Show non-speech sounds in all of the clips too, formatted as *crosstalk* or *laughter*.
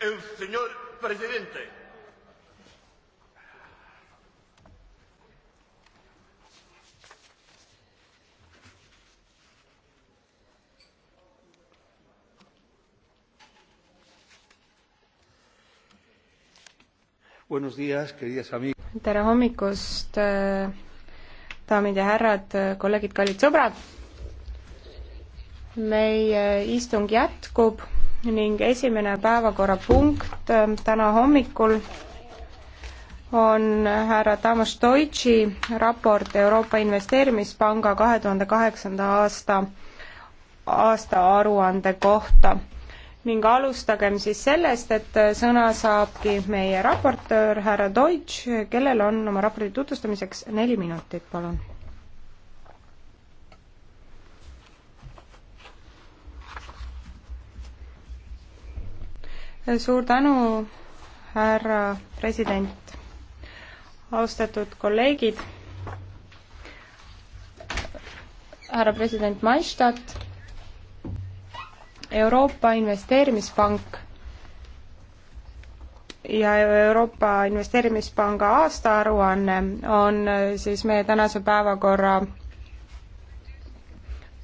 el señor presidente. Buenos días, queridas amigas. tere hommikust, eh, daamid ja härrad, eh, kolleegid, kallid sõbrad. meie istung jätkub ning esimene päevakorrapunkt ähm, täna hommikul on härra Tamas Deutschi raport Euroopa Investeerimispanga kahe tuhande kaheksanda aasta aastaaruande kohta ning alustagem siis sellest, et äh, sõna saabki meie raportöör härra Deutsch, kellel on oma raporti tutvustamiseks neli minutit, palun suur tänu, härra president. austatud kolleegid, härra president Maistat, Euroopa Investeerimispank ja Euroopa Investeerimispanga aastaaruanne on äh, siis meie tänase päevakorra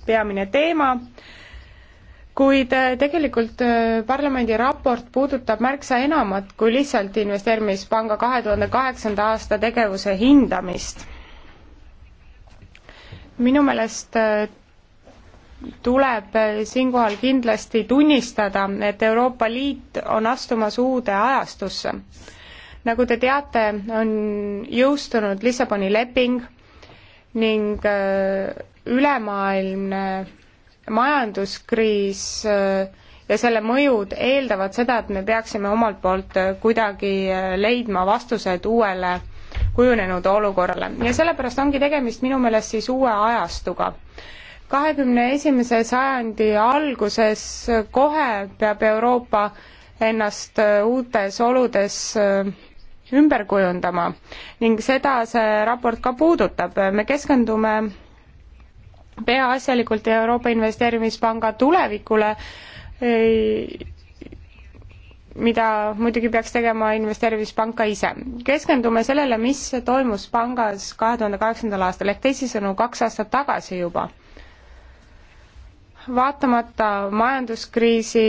peamine teema kuid äh, tegelikult äh, parlamendi raport puudutab märksa enamat kui lihtsalt investeerimispanga kahe tuhande kaheksanda aasta tegevuse hindamist. minu meelest äh, tuleb siinkohal kindlasti tunnistada, et Euroopa Liit on astumas uude ajastusse. nagu te teate, on jõustunud Lissaboni leping ning ülemaailmne majanduskriis äh, ja selle mõjud eeldavad seda, et me peaksime omalt poolt äh, kuidagi äh, leidma vastused uuele kujunenud olukorrale ja sellepärast ongi tegemist minu meelest siis uue ajastuga. kahekümne esimese sajandi alguses kohe peab Euroopa ennast uutes oludes ümber kujundama ning seda see raport ka puudutab, me keskendume peaasjalikult Euroopa Investeerimispanga tulevikule, mida muidugi peaks tegema investeerimispank ka ise. keskendume sellele, mis toimus pangas kahe tuhande kaheksandal aastal ehk teisisõnu kaks aastat tagasi juba. vaatamata majanduskriisi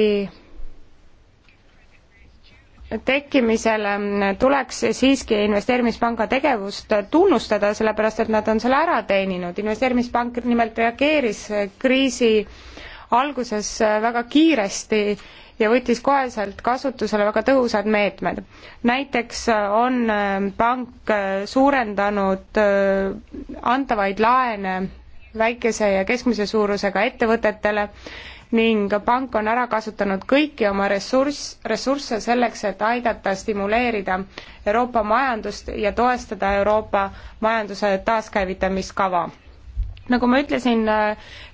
tekkimisele tuleks siiski investeerimispanga tegevust tunnustada, sellepärast et nad on selle ära teeninud. investeerimispank nimelt reageeris kriisi alguses väga kiiresti ja võttis koheselt kasutusele väga tõhusad meetmed. näiteks on pank suurendanud antavaid laene väikese ja keskmise suurusega ettevõtetele ning pank on ära kasutanud kõiki oma ressurss, ressursse selleks, et aidata stimuleerida Euroopa majandust ja toestada Euroopa majanduse taaskäivitamiskava. nagu ma ütlesin,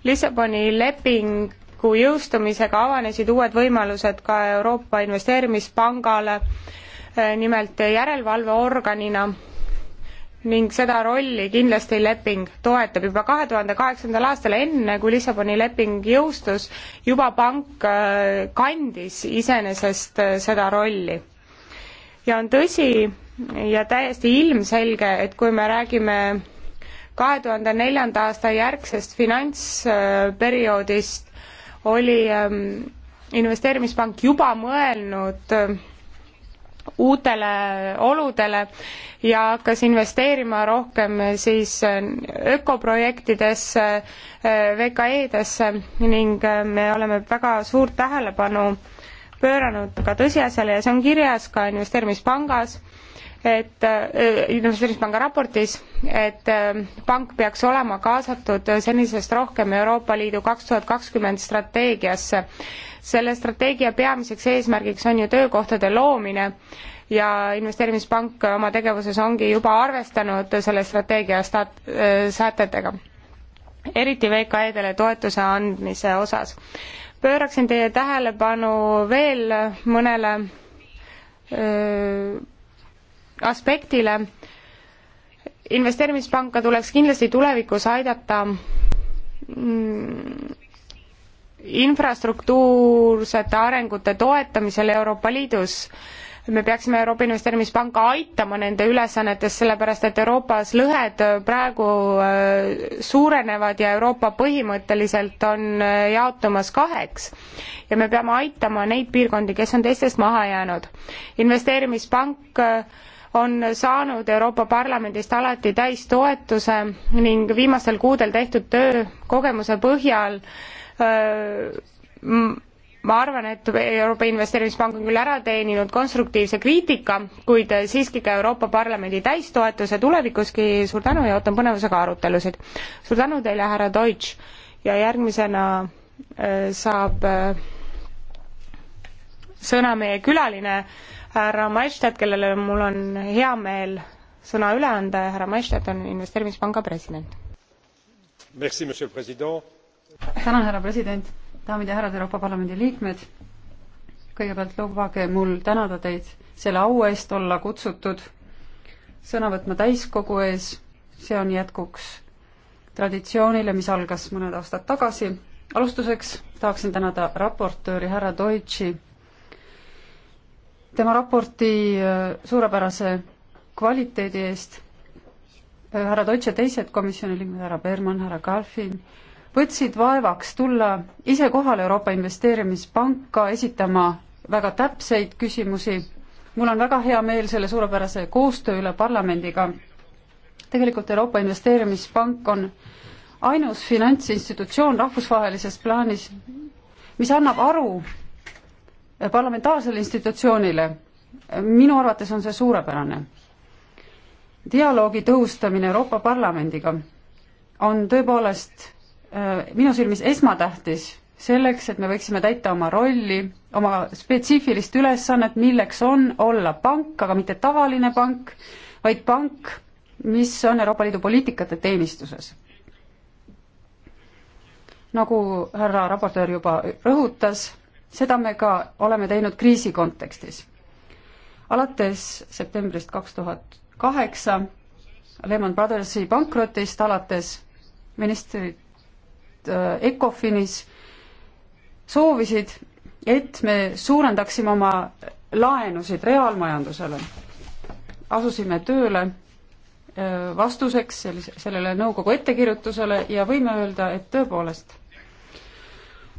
Lissaboni lepingu jõustumisega avanesid uued võimalused ka Euroopa Investeerimispangale, nimelt järelevalveorganina ning seda rolli kindlasti leping toetab. juba kahe tuhande kaheksandal aastal, enne kui Lissaboni leping jõustus, juba pank äh, kandis iseenesest äh, seda rolli. ja on tõsi ja täiesti ilmselge, et kui me räägime kahe tuhande neljanda aasta järgsest finantsperioodist, oli ähm, investeerimispank juba mõelnud äh, uutele oludele ja hakkas investeerima rohkem siis ökoprojektidesse, VKE-desse ning me oleme väga suurt tähelepanu pööranud ka tõsiasjale ja see on kirjas ka investeerimispangas, et investeerimispanga raportis, et pank peaks olema kaasatud senisest rohkem Euroopa Liidu kaks tuhat kakskümmend strateegiasse selle strateegia peamiseks eesmärgiks on ju töökohtade loomine ja investeerimispank oma tegevuses ongi juba arvestanud selle strateegia stat-, äh, sätetega. eriti VKE-dele toetuse andmise osas. pööraksin teie tähelepanu veel mõnele öö, äh, aspektile, investeerimispanka tuleks kindlasti tulevikus aidata mm, infrastruktuursete arengute toetamisel Euroopa Liidus. me peaksime Euroopa Investeerimispanka aitama nende ülesannetes, sellepärast et Euroopas lõhed praegu äh, suurenevad ja Euroopa põhimõtteliselt on äh, jaotumas kaheks. ja me peame aitama neid piirkondi, kes on teistest maha jäänud. investeerimispank äh, on saanud Euroopa Parlamendist alati täistoetuse ning viimastel kuudel tehtud töö kogemuse põhjal äh, Äh, ma arvan, et Euroopa Investeerimispank on küll ära teeninud konstruktiivse kriitika, kuid siiski ka Euroopa Parlamendi täistoetuse tulevikuski suur tänu ja ootan põnevusega arutelusid. suur tänu teile, härra Deutsch ja järgmisena äh, saab äh, sõna meie külaline härra Maestat, kellele mul on hea meel sõna üle anda ja härra Maestat on investeerimispanga president. Merci, monsieur president tänan, härra president, daamid ja härrad Euroopa Parlamendi liikmed. kõigepealt lubage mul tänada teid selle au eest olla kutsutud sõna võtma täiskogu ees. see on jätkuks traditsioonile, mis algas mõned aastad tagasi. alustuseks tahaksin tänada raportööri härra Deutschi tema raporti äh, suurepärase kvaliteedi eest äh, härra Deutsche, teised komisjoni liikmed, härra Berman, härra Kalfin võtsid vaevaks tulla ise kohale Euroopa Investeerimispanka esitama väga täpseid küsimusi. mul on väga hea meel selle suurepärase koostöö üle parlamendiga. tegelikult Euroopa Investeerimispank on ainus finantsinstitutsioon rahvusvahelises plaanis, mis annab aru parlamentaarsele institutsioonile. minu arvates on see suurepärane. dialoogi tõhustamine Euroopa Parlamendiga on tõepoolest Äh, minu silmis esmatähtis selleks, et me võiksime täita oma rolli, oma spetsiifilist ülesannet, milleks on olla pank, aga mitte tavaline pank, vaid pank, mis on Euroopa Liidu poliitikate teenistuses. nagu härra raportöör juba rõhutas, seda me ka oleme teinud kriisi kontekstis. alates septembrist kaks tuhat kaheksa, Lehman Brothersi pankrotist alates ministrid Äh, ECOFINis soovisid, et me suurendaksime oma laenusid reaalmajandusele. asusime tööle äh, vastuseks sellele nõukogu ettekirjutusele ja võime öelda, et tõepoolest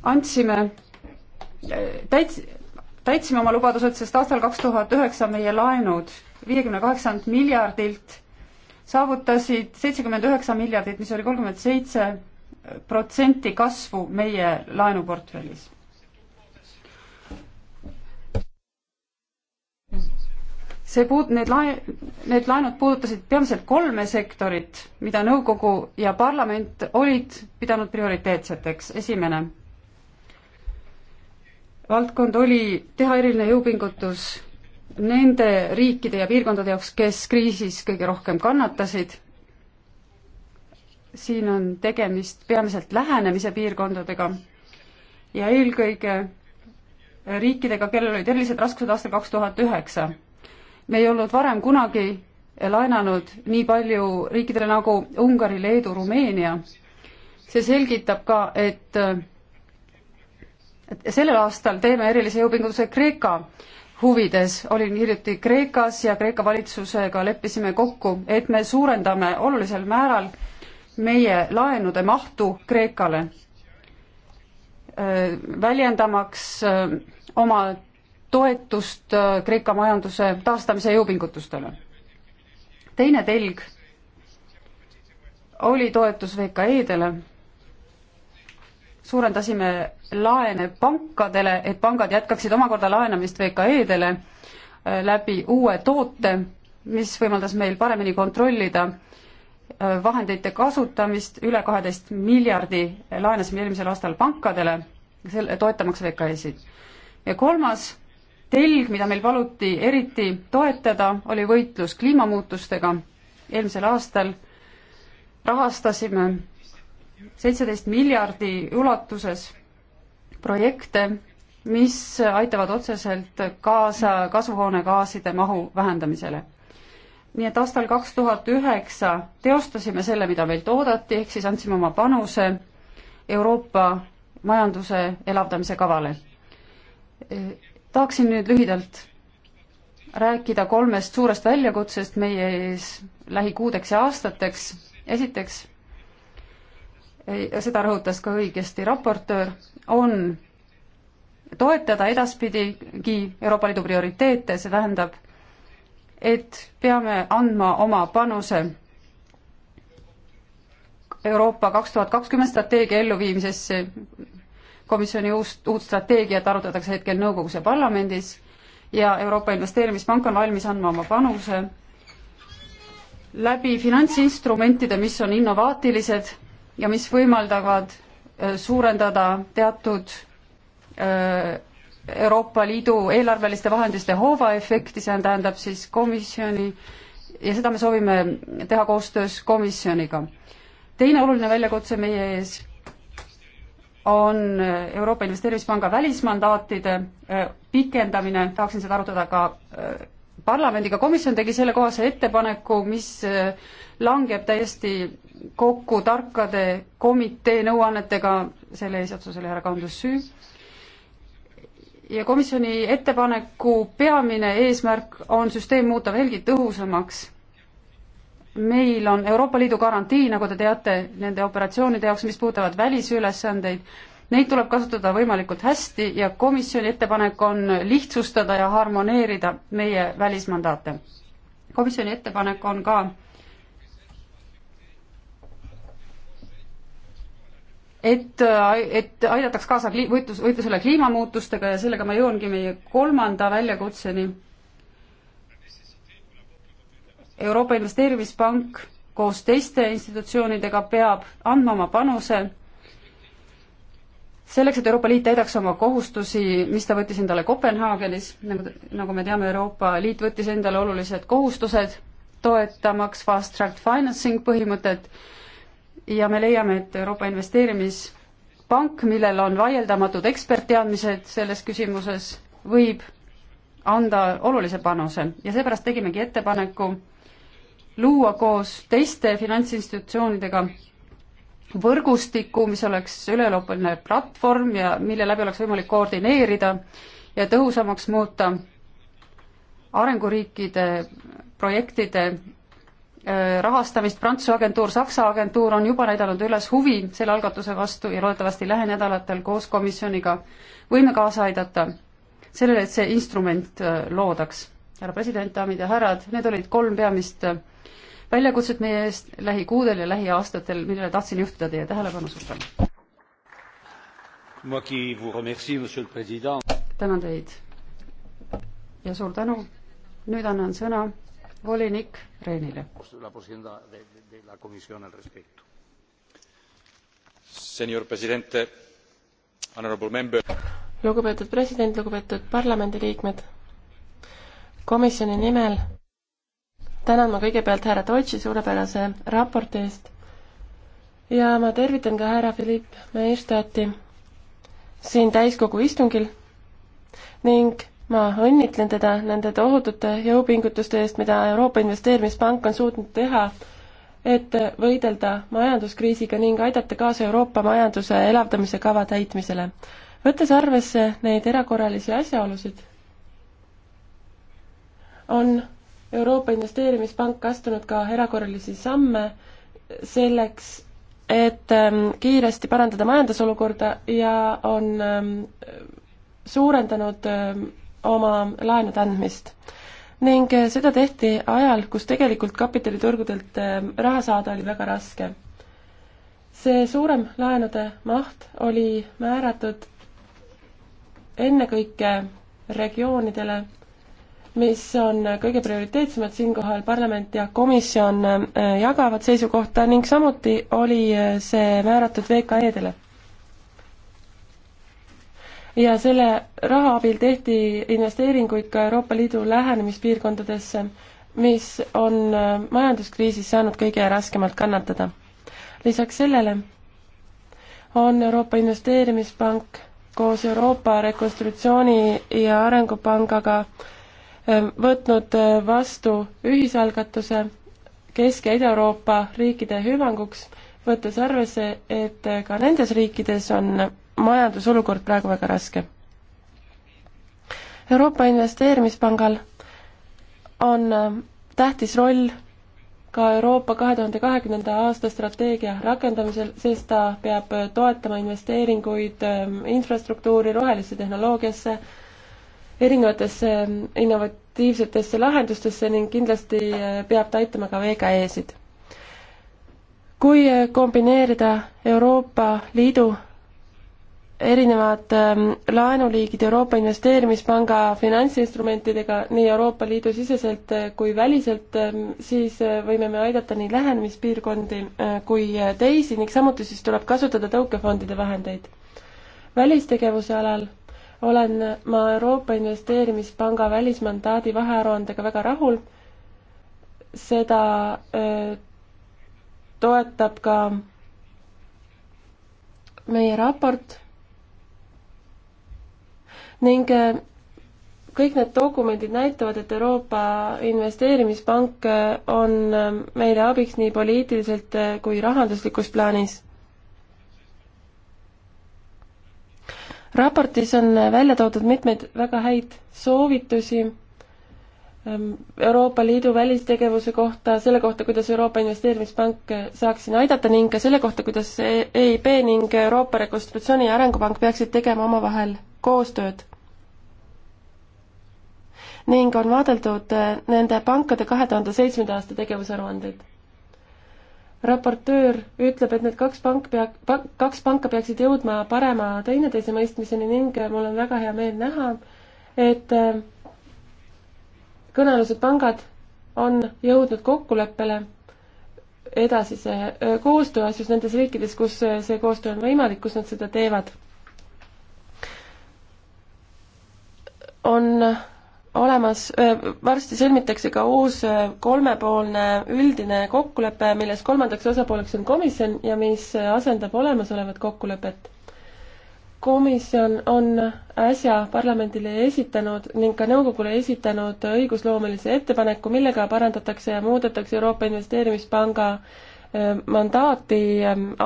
andsime, äh, täits-, täitsime oma lubadused, sest aastal kaks tuhat üheksa meie laenud viiekümne kaheksandalt miljardilt saavutasid seitsekümmend üheksa miljardit, mis oli kolmkümmend seitse protsenti kasvu meie laenuportfellis. see puud-, need lae-, need laenud puudutasid peamiselt kolme sektorit, mida nõukogu ja parlament olid pidanud prioriteetseteks. esimene valdkond oli teha eriline jõupingutus nende riikide ja piirkondade jaoks, kes kriisis kõige rohkem kannatasid siin on tegemist peamiselt lähenemise piirkondadega ja eelkõige riikidega, kellel olid erilised raskused aastal kaks tuhat üheksa. me ei olnud varem kunagi laenanud nii palju riikidele nagu Ungari, Leedu, Rumeenia. see selgitab ka, et et sellel aastal teeme erilise jõupingutuse Kreeka huvides. olin hiljuti Kreekas ja Kreeka valitsusega leppisime kokku, et me suurendame olulisel määral meie laenude mahtu Kreekale, äh, väljendamaks äh, oma toetust äh, Kreeka majanduse taastamise jõupingutustele. teine telg oli toetus VKE-dele, suurendasime laene pankadele, et pangad jätkaksid omakorda laenamist VKE-dele läbi uue toote, mis võimaldas meil paremini kontrollida äh, vahendite kasutamist üle kaheteist miljardi laenasime eelmisel aastal pankadele, selle toetamaks VKS-id. ja kolmas telg, mida meil paluti eriti toetada, oli võitlus kliimamuutustega. eelmisel aastal rahastasime seitseteist miljardi ulatuses projekte, mis aitavad otseselt kaasa kasvuhoonegaaside mahu vähendamisele nii et aastal kaks tuhat üheksa teostasime selle, mida meilt oodati, ehk siis andsime oma panuse Euroopa majanduse elavdamise kavale. tahaksin nüüd lühidalt rääkida kolmest suurest väljakutsest meie ees lähikuudeks ja aastateks. esiteks, ja seda rõhutas ka õigesti raportöör, on toetada edaspidigi Euroopa Liidu prioriteete, see tähendab et peame andma oma panuse Euroopa kaks tuhat kakskümmend strateegia elluviimisesse. komisjoni uus, uut strateegiat arutatakse hetkel nõukogus ja parlamendis ja Euroopa Investeerimispank on valmis andma oma panuse läbi finantsinstrumentide, mis on innovaatilised ja mis võimaldavad äh, suurendada teatud öö, äh, Euroopa Liidu eelarveliste vahendiste hoova efekti, see tähendab siis komisjoni ja seda me soovime teha koostöös komisjoniga. teine oluline väljakutse meie ees on Euroopa Investeerimispanga välismandaatide äh, pikendamine, tahaksin seda arutada ka äh, parlamendiga, komisjon tegi sellekohase ettepaneku, mis äh, langeb täiesti kokku tarkade komitee nõuannetega, selle eesotsas oli härra Kandus Süü ja komisjoni ettepaneku peamine eesmärk on süsteem muuta veelgi tõhusamaks. meil on Euroopa Liidu garantii, nagu te teate, nende operatsioonide jaoks, mis puudutavad välisülesandeid, neid tuleb kasutada võimalikult hästi ja komisjoni ettepanek on lihtsustada ja harmoneerida meie välismandaate. komisjoni ettepanek on ka et, et aidataks kaasa kli-, võitlus, võitlusele kliimamuutustega ja sellega ma jõuangi meie kolmanda väljakutseni. Euroopa Investeerimispank koos teiste institutsioonidega peab andma oma panuse selleks, et Euroopa Liit täidaks oma kohustusi, mis ta võttis endale Kopenhaagenis, nagu, nagu me teame, Euroopa Liit võttis endale olulised kohustused, toetamaks fast-track financing põhimõtet, ja me leiame, et Euroopa Investeerimispank, millel on vaieldamatud ekspertteadmised selles küsimuses, võib anda olulise panuse ja seepärast tegimegi ettepaneku luua koos teiste finantsinstitutsioonidega võrgustiku, mis oleks üle-euroopaline platvorm ja mille läbi oleks võimalik koordineerida ja tõhusamaks muuta arenguriikide projektide Äh, rahastamist, Prantsuse agentuur, Saksa agentuur on juba näidanud üles huvi selle algatuse vastu ja loodetavasti lähinädalatel koos komisjoniga võime kaasa aidata sellele, et see instrument äh, loodaks. härra president, daamid ja härrad, need olid kolm peamist äh, väljakutset meie eest lähikuudel ja lähiaastatel, millele tahtsin juhtida teie tähelepanu, suur tänu. tänan teid ja suur tänu. nüüd annan sõna volinik Rehnile. lugupeetud president, lugupeetud parlamendiliikmed, komisjoni nimel tänan ma kõigepealt härra Deutsche suurepärase raporti eest ja ma tervitan ka härra Philipp Meistati siin täiskogu istungil ning ma õnnitlen teda nende tohutute jõupingutuste eest, mida Euroopa Investeerimispank on suutnud teha, et võidelda majanduskriisiga ning aidata kaasa Euroopa majanduse elavdamise kava täitmisele. võttes arvesse neid erakorralisi asjaolusid, on Euroopa Investeerimispank astunud ka erakorralisi samme selleks, et ähm, kiiresti parandada majandusolukorda ja on ähm, suurendanud ähm, oma laenude andmist. ning eh, seda tehti ajal, kus tegelikult kapitaliturgudelt eh, raha saada oli väga raske. see suurem laenude maht oli määratud ennekõike regioonidele, mis on kõige prioriteetsemad siinkohal, parlament ja komisjon eh, jagavad seisukohta ning samuti oli see määratud VKE-dele ja selle raha abil tehti investeeringuid ka Euroopa Liidu lähenemispiirkondadesse, mis on äh, majanduskriisis saanud kõige raskemalt kannatada. lisaks sellele on Euroopa Investeerimispank koos Euroopa Rekonstruktsiooni- ja Arengupangaga ähm, võtnud äh, vastu ühisalgatuse Kesk- ja Ida-Euroopa riikide hüvanguks, võttes arvesse, et äh, ka nendes riikides on majandusolukord praegu väga raske. Euroopa Investeerimispangal on äh, tähtis roll ka Euroopa kahe tuhande kahekümnenda aasta strateegia rakendamisel, sest ta peab äh, toetama investeeringuid ähm, infrastruktuuri, rohelisse tehnoloogiasse, erinevatesse ähm, innovatiivsetesse lahendustesse ning kindlasti äh, peab ta aitama ka VKE-sid. kui kombineerida Euroopa Liidu erinevad ähm, laenuliigid Euroopa Investeerimispanga finantsinstrumentidega nii Euroopa Liidu siseselt äh, kui väliselt, ähm, siis äh, võime me aidata nii lähenemispiirkondi äh, kui teisi ning samuti siis tuleb kasutada tõukefondide vahendeid. välistegevuse alal olen ma Euroopa Investeerimispanga välismandaadi vahearuandega väga rahul, seda öö, toetab ka meie raport ning äh, kõik need dokumendid näitavad, et Euroopa Investeerimispank äh, on äh, meile abiks nii poliitiliselt kui rahanduslikus plaanis. raportis on välja toodud mitmeid väga häid soovitusi ähm, Euroopa Liidu välistegevuse kohta, selle kohta, kuidas Euroopa Investeerimispank saaks siin aidata ning ka selle kohta, kuidas EIB e ning Euroopa Rekonstruktsiooni ja Arengupank peaksid tegema omavahel koostööd ning on vaadeldud äh, nende pankade kahe tuhande seitsmenda aasta tegevusaruandeid. raportöör ütleb, et need kaks pank pea- pa,, kaks panka peaksid jõudma parema teineteise mõistmiseni ning äh, mul on väga hea meel näha, et äh, kõnealused pangad on jõudnud kokkuleppele edasise koostöö asjus nendes riikides, kus see koostöö on võimalik, kus nad seda teevad. on olemas, varsti sõlmitakse ka uus kolmepoolne üldine kokkulepe, milles kolmandaks osapooleks on komisjon ja mis asendab olemasolevat kokkulepet. komisjon on äsja parlamendile esitanud ning ka nõukogule esitanud õigusloomelise ettepaneku, millega parandatakse ja muudetakse Euroopa Investeerimispanga mandaati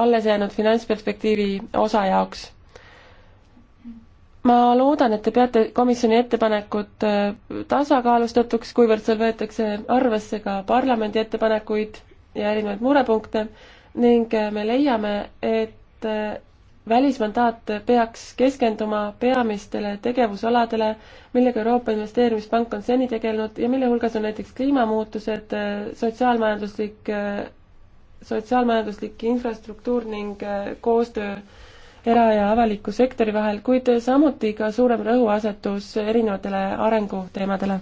alles jäänud finantsperspektiivi osa jaoks ma loodan, et te peate komisjoni ettepanekut äh, tasakaalustatuks, kuivõrd seal võetakse arvesse ka parlamendi ettepanekuid ja erinevaid murepunkte ning äh, me leiame, et äh, välismandaat peaks keskenduma peamistele tegevusaladele, millega Euroopa Investeerimispank on seni tegelenud ja mille hulgas on näiteks kliimamuutused, sotsiaalmajanduslik, sotsiaalmajanduslik infrastruktuur ning koostöö era- ja avaliku sektori vahel, kuid samuti ka suurem rõhuasetus erinevatele arenguteemadele.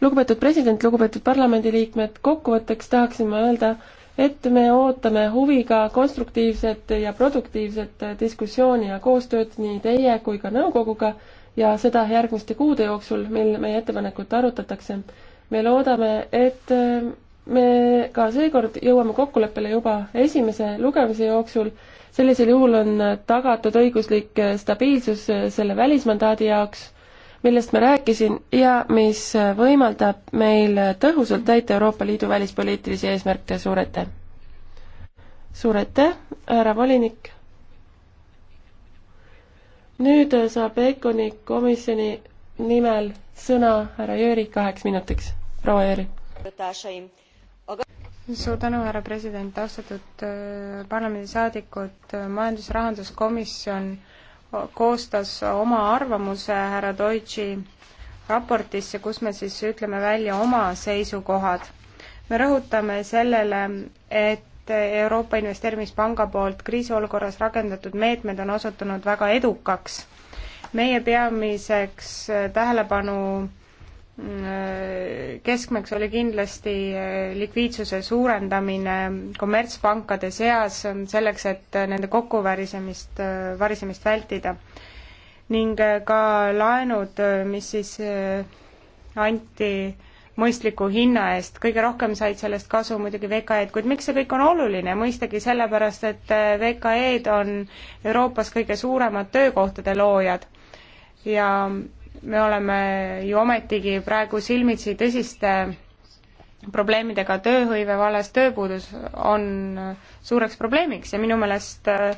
lugupeetud president, lugupeetud parlamendiliikmed, kokkuvõtteks tahaksin ma öelda, et me ootame huviga konstruktiivset ja produktiivset diskussiooni ja koostööd nii teie kui ka nõukoguga ja seda järgmiste kuude jooksul, mil meie ettepanekut arutatakse. me loodame, et me ka seekord jõuame kokkuleppele juba esimese lugemise jooksul sellisel juhul on tagatud õiguslik stabiilsus selle välismandaadi jaoks, millest ma rääkisin ja mis võimaldab meil tõhusalt täita Euroopa Liidu välispoliitilisi eesmärke, suur aitäh! suur aitäh, härra volinik! nüüd saab EKONi komisjoni nimel sõna härra Jüri kaheks minutiks. proua Jüri suur tänu, härra president, austatud äh, parlamendisaadikud, majandus- ja rahanduskomisjon koostas oma arvamuse härra Deutschi raportisse, kus me siis ütleme välja oma seisukohad. me rõhutame sellele, et Euroopa Investeerimispanga poolt kriisiolukorras rakendatud meetmed on osutunud väga edukaks. meie peamiseks äh, tähelepanu keskmeks oli kindlasti eh, likviidsuse suurendamine kommertspankade seas eh, selleks, et eh, nende kokkuvarisemist, varisemist vältida. ning ka laenud, mis siis anti mõistliku hinna eest, kõige rohkem said sellest kasu muidugi VKE-d, kuid miks see kõik on oluline, mõistagi sellepärast, et VKE-d on Euroopas kõige suuremad töökohtade loojad ja me oleme ju ometigi praegu silmitsi tõsiste probleemidega tööhõive vallas, tööpuudus on suureks probleemiks ja minu meelest äh,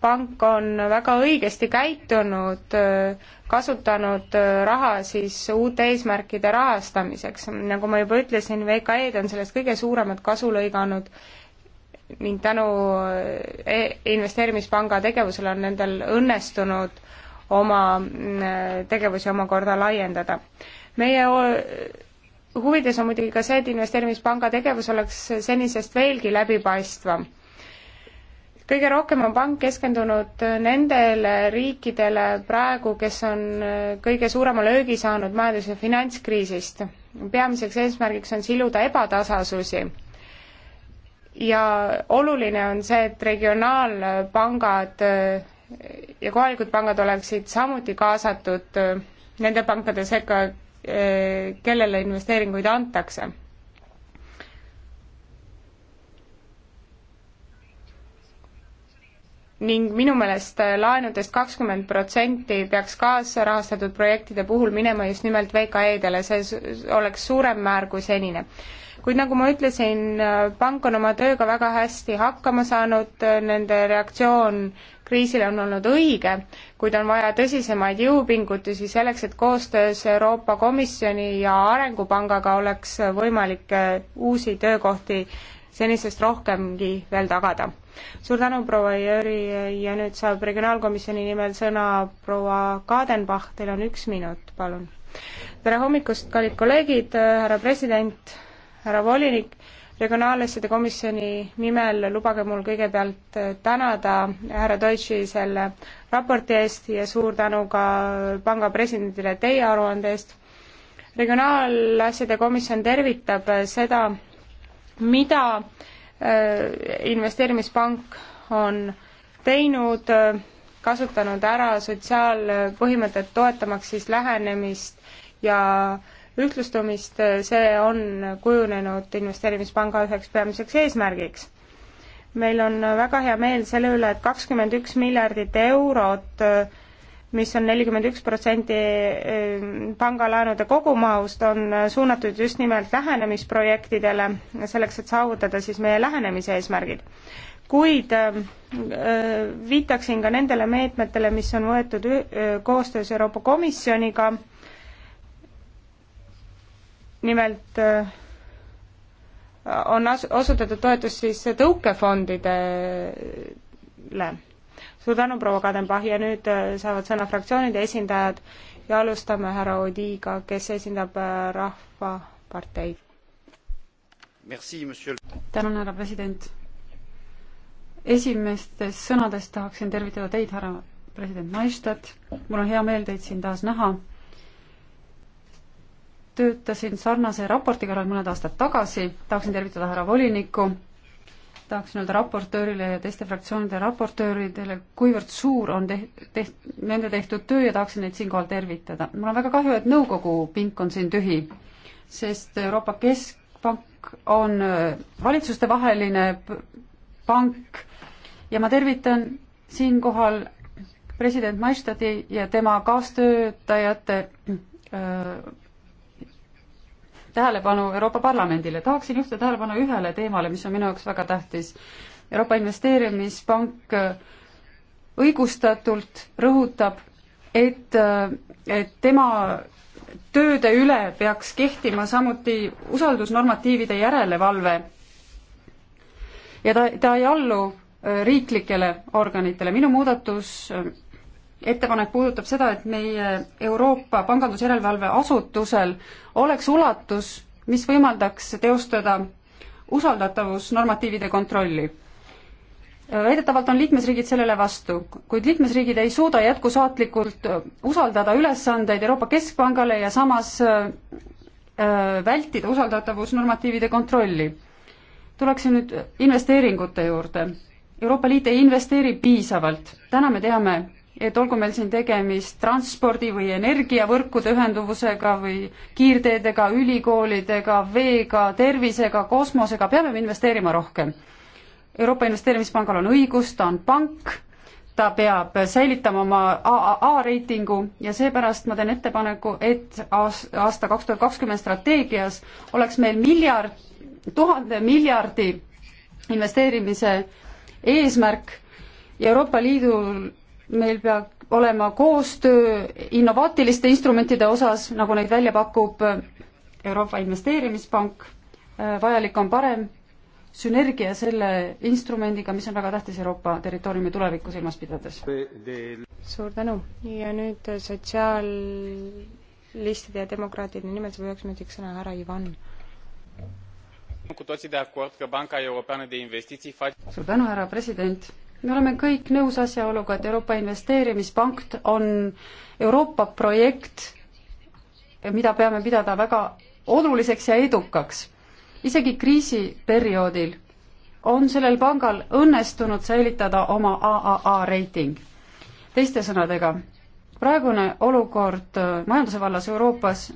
pank on väga õigesti käitunud, äh, kasutanud äh, raha siis uute eesmärkide rahastamiseks. nagu ma juba ütlesin, VKE-d on sellest kõige suuremat kasu lõiganud ning tänu e-, investeerimispanga tegevusele on nendel õnnestunud oma mm, tegevusi omakorda laiendada. meie huvides on muidugi ka see, et investeerimispanga tegevus oleks senisest veelgi läbipaistvam. kõige rohkem on pank keskendunud nendele riikidele praegu, kes on äh, kõige suurema löögi saanud majandus- ja finantskriisist. peamiseks eesmärgiks on siluda ebatasasusi ja oluline on see, et regionaalpangad äh, ja kohalikud pangad oleksid samuti kaasatud äh, nende pankade sekka, äh, kellele investeeringuid antakse. ning minu meelest äh, laenudest kakskümmend protsenti peaks kaasrahastatud projektide puhul minema just nimelt VKE-dele, see oleks suurem määr kui senine kuid nagu ma ütlesin, pank on oma tööga väga hästi hakkama saanud, nende reaktsioon kriisile on olnud õige, kuid on vaja tõsisemaid jõupingutusi selleks, et koostöös Euroopa Komisjoni ja Arengupangaga oleks võimalik äh, uusi töökohti senisest rohkemgi veel tagada. suur tänu, proua Jüri ja nüüd saab Regionaalkomisjoni nimel sõna proua Kadenbach, teil on üks minut, palun. tere hommikust, kallid kolleegid, härra president härra volinik, regionaalasjade komisjoni nimel lubage mul kõigepealt tänada härra Deutschi selle raporti eest ja suur tänu ka panga presidendile teie aruande eest. regionaalasjade komisjon tervitab seda, mida äh, investeerimispank on teinud, kasutanud ära sotsiaalpõhimõtet, toetamaks siis lähenemist ja ühtlustumist, see on kujunenud investeerimispanga üheks peamiseks eesmärgiks. meil on väga hea meel selle üle, et kakskümmend üks miljardit eurot mis on nelikümmend üks protsenti eh, pangalaenude kogumahust, on suunatud just nimelt lähenemisprojektidele, selleks et saavutada siis meie lähenemise eesmärgid. kuid eh, viitaksin ka nendele meetmetele, mis on võetud koostöös Euroopa Komisjoniga nimelt äh, on as-, osutatud toetust siis tõukefondidele. suur tänu, proua Kadenbach, ja nüüd äh, saavad sõna fraktsioonide esindajad ja alustame härra Odiga, kes esindab äh, Rahvaparteid. tänan, härra president. esimestes sõnades tahaksin tervitada teid, härra president Maistat, mul on hea meel teid siin taas näha töötasin sarnase raporti kallal mõned aastad tagasi, tahaksin tervitada härra volinikku, tahaksin öelda raportöörile ja teiste fraktsioonide raportööridele, kuivõrd suur on teht-, teht-, nende tehtud töö ja tahaksin neid siinkohal tervitada. mul on väga kahju, et nõukogu pink on siin tühi, sest Euroopa Keskpank on äh, valitsustevaheline pank ja ma tervitan siinkohal president Maistadi ja tema kaastöötajate äh, tähelepanu Euroopa Parlamendile. tahaksin juhtida tähelepanu ühele teemale, mis on minu jaoks väga tähtis. Euroopa Investeerimispank äh, õigustatult rõhutab, et, äh, et tema tööde üle peaks kehtima samuti usaldusnormatiivide järelevalve. ja ta, ta ei allu äh, riiklikele organitele. minu muudatus ettepanek puudutab seda, et meie Euroopa pangandusjärelevalve asutusel oleks ulatus, mis võimaldaks teostada usaldatavusnormatiivide kontrolli. väidetavalt on liikmesriigid sellele vastu, kuid liikmesriigid ei suuda jätkusaatlikult usaldada ülesandeid Euroopa Keskpangale ja samas äh, äh vältida usaldatavusnormatiivide kontrolli. tuleksin nüüd investeeringute juurde. Euroopa Liit ei investeeri piisavalt, täna me teame, et olgu meil siin tegemist transpordi või energiavõrkude ühenduvusega või kiirteedega, ülikoolidega, veega, tervisega, kosmosega, peame me investeerima rohkem. Euroopa Investeerimispangal on õigus, ta on pank, ta peab säilitama oma AA-reitingu ja seepärast ma teen ettepaneku, et aasta kaks tuhat kakskümmend strateegias oleks meil miljard, tuhande miljardi investeerimise eesmärk ja Euroopa Liidul meil peab olema koostöö innovaatiliste instrumentide osas, nagu neid välja pakub äh, Euroopa Investeerimispank, äh, vajalik on parem sünergia selle instrumendiga, mis on väga tähtis Euroopa territooriumi tulevikku silmas pidades. suur tänu ja nüüd sotsiaalistide ja demokraatide nimel saab üheks minutiks sõna härra Ivan. suur tänu, härra president me oleme kõik nõus asjaoluga, et Euroopa Investeerimispank on Euroopa projekt, mida peame pidada väga oluliseks ja edukaks. isegi kriisiperioodil on sellel pangal õnnestunud säilitada oma AAA reiting. teiste sõnadega, praegune olukord majanduse vallas Euroopas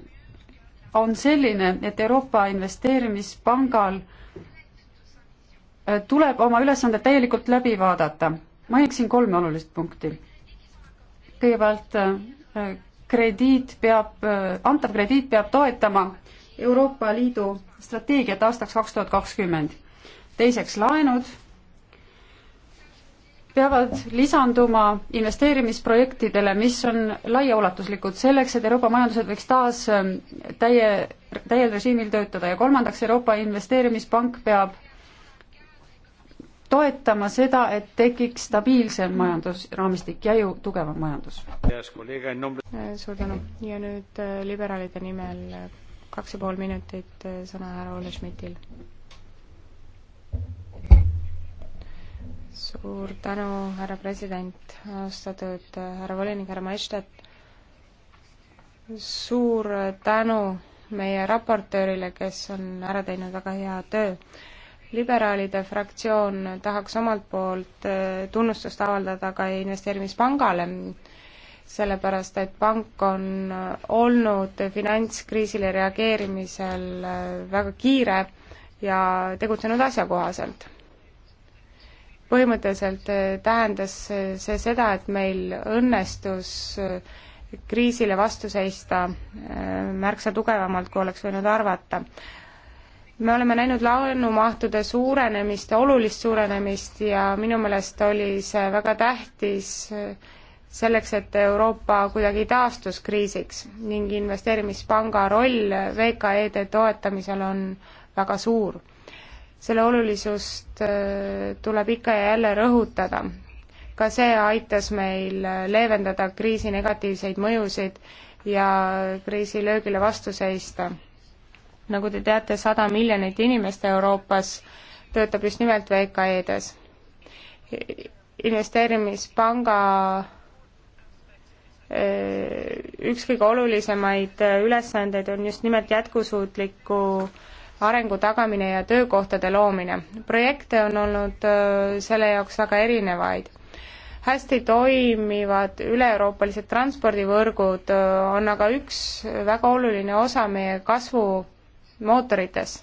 on selline, et Euroopa Investeerimispangal tuleb oma ülesanded täielikult läbi vaadata. mainiksin kolme olulist punkti. kõigepealt äh, krediit peab, äh, antav krediit peab toetama Euroopa Liidu strateegiat aastaks kaks tuhat kakskümmend. teiseks, laenud peavad lisanduma investeerimisprojektidele, mis on laiaulatuslikud selleks, et Euroopa majandused võiks taas äh, täie, täiel režiimil töötada ja kolmandaks, Euroopa Investeerimispank peab toetama seda, et tekiks stabiilsem majandusraamistik ja ju tugevam majandus. Äh, suur tänu ja nüüd äh, liberaalide nimel äh, kaks ja pool minutit sõna härra Olle Schmidtil. suur tänu, härra president, austatud härra volinik, härra Maestat. suur tänu meie raportöörile, kes on ära teinud väga hea töö liberaalide fraktsioon tahaks omalt poolt äh, tunnustust avaldada ka investeerimispangale, sellepärast et pank on äh, olnud finantskriisile reageerimisel äh, väga kiire ja tegutsenud asjakohaselt. põhimõtteliselt tähendas see seda, et meil õnnestus kriisile vastu seista märksa tugevamalt, kui oleks võinud arvata me oleme näinud laenumahtude suurenemist, olulist suurenemist ja minu meelest oli see väga tähtis selleks, et Euroopa kuidagi taastus kriisiks ning investeerimispanga roll VKE-de toetamisel on väga suur. selle olulisust äh, tuleb ikka ja jälle rõhutada. ka see aitas meil leevendada kriisi negatiivseid mõjusid ja kriisi löögile vastu seista nagu te teate, sada miljonit inimest Euroopas töötab just nimelt VKE-des. investeerimispanga äh, üks kõige olulisemaid äh, ülesandeid on just nimelt jätkusuutliku arengu tagamine ja töökohtade loomine. projekte on olnud äh, selle jaoks väga erinevaid. hästi toimivad üle-euroopalised transpordivõrgud on aga üks väga oluline osa meie kasvu mootorites.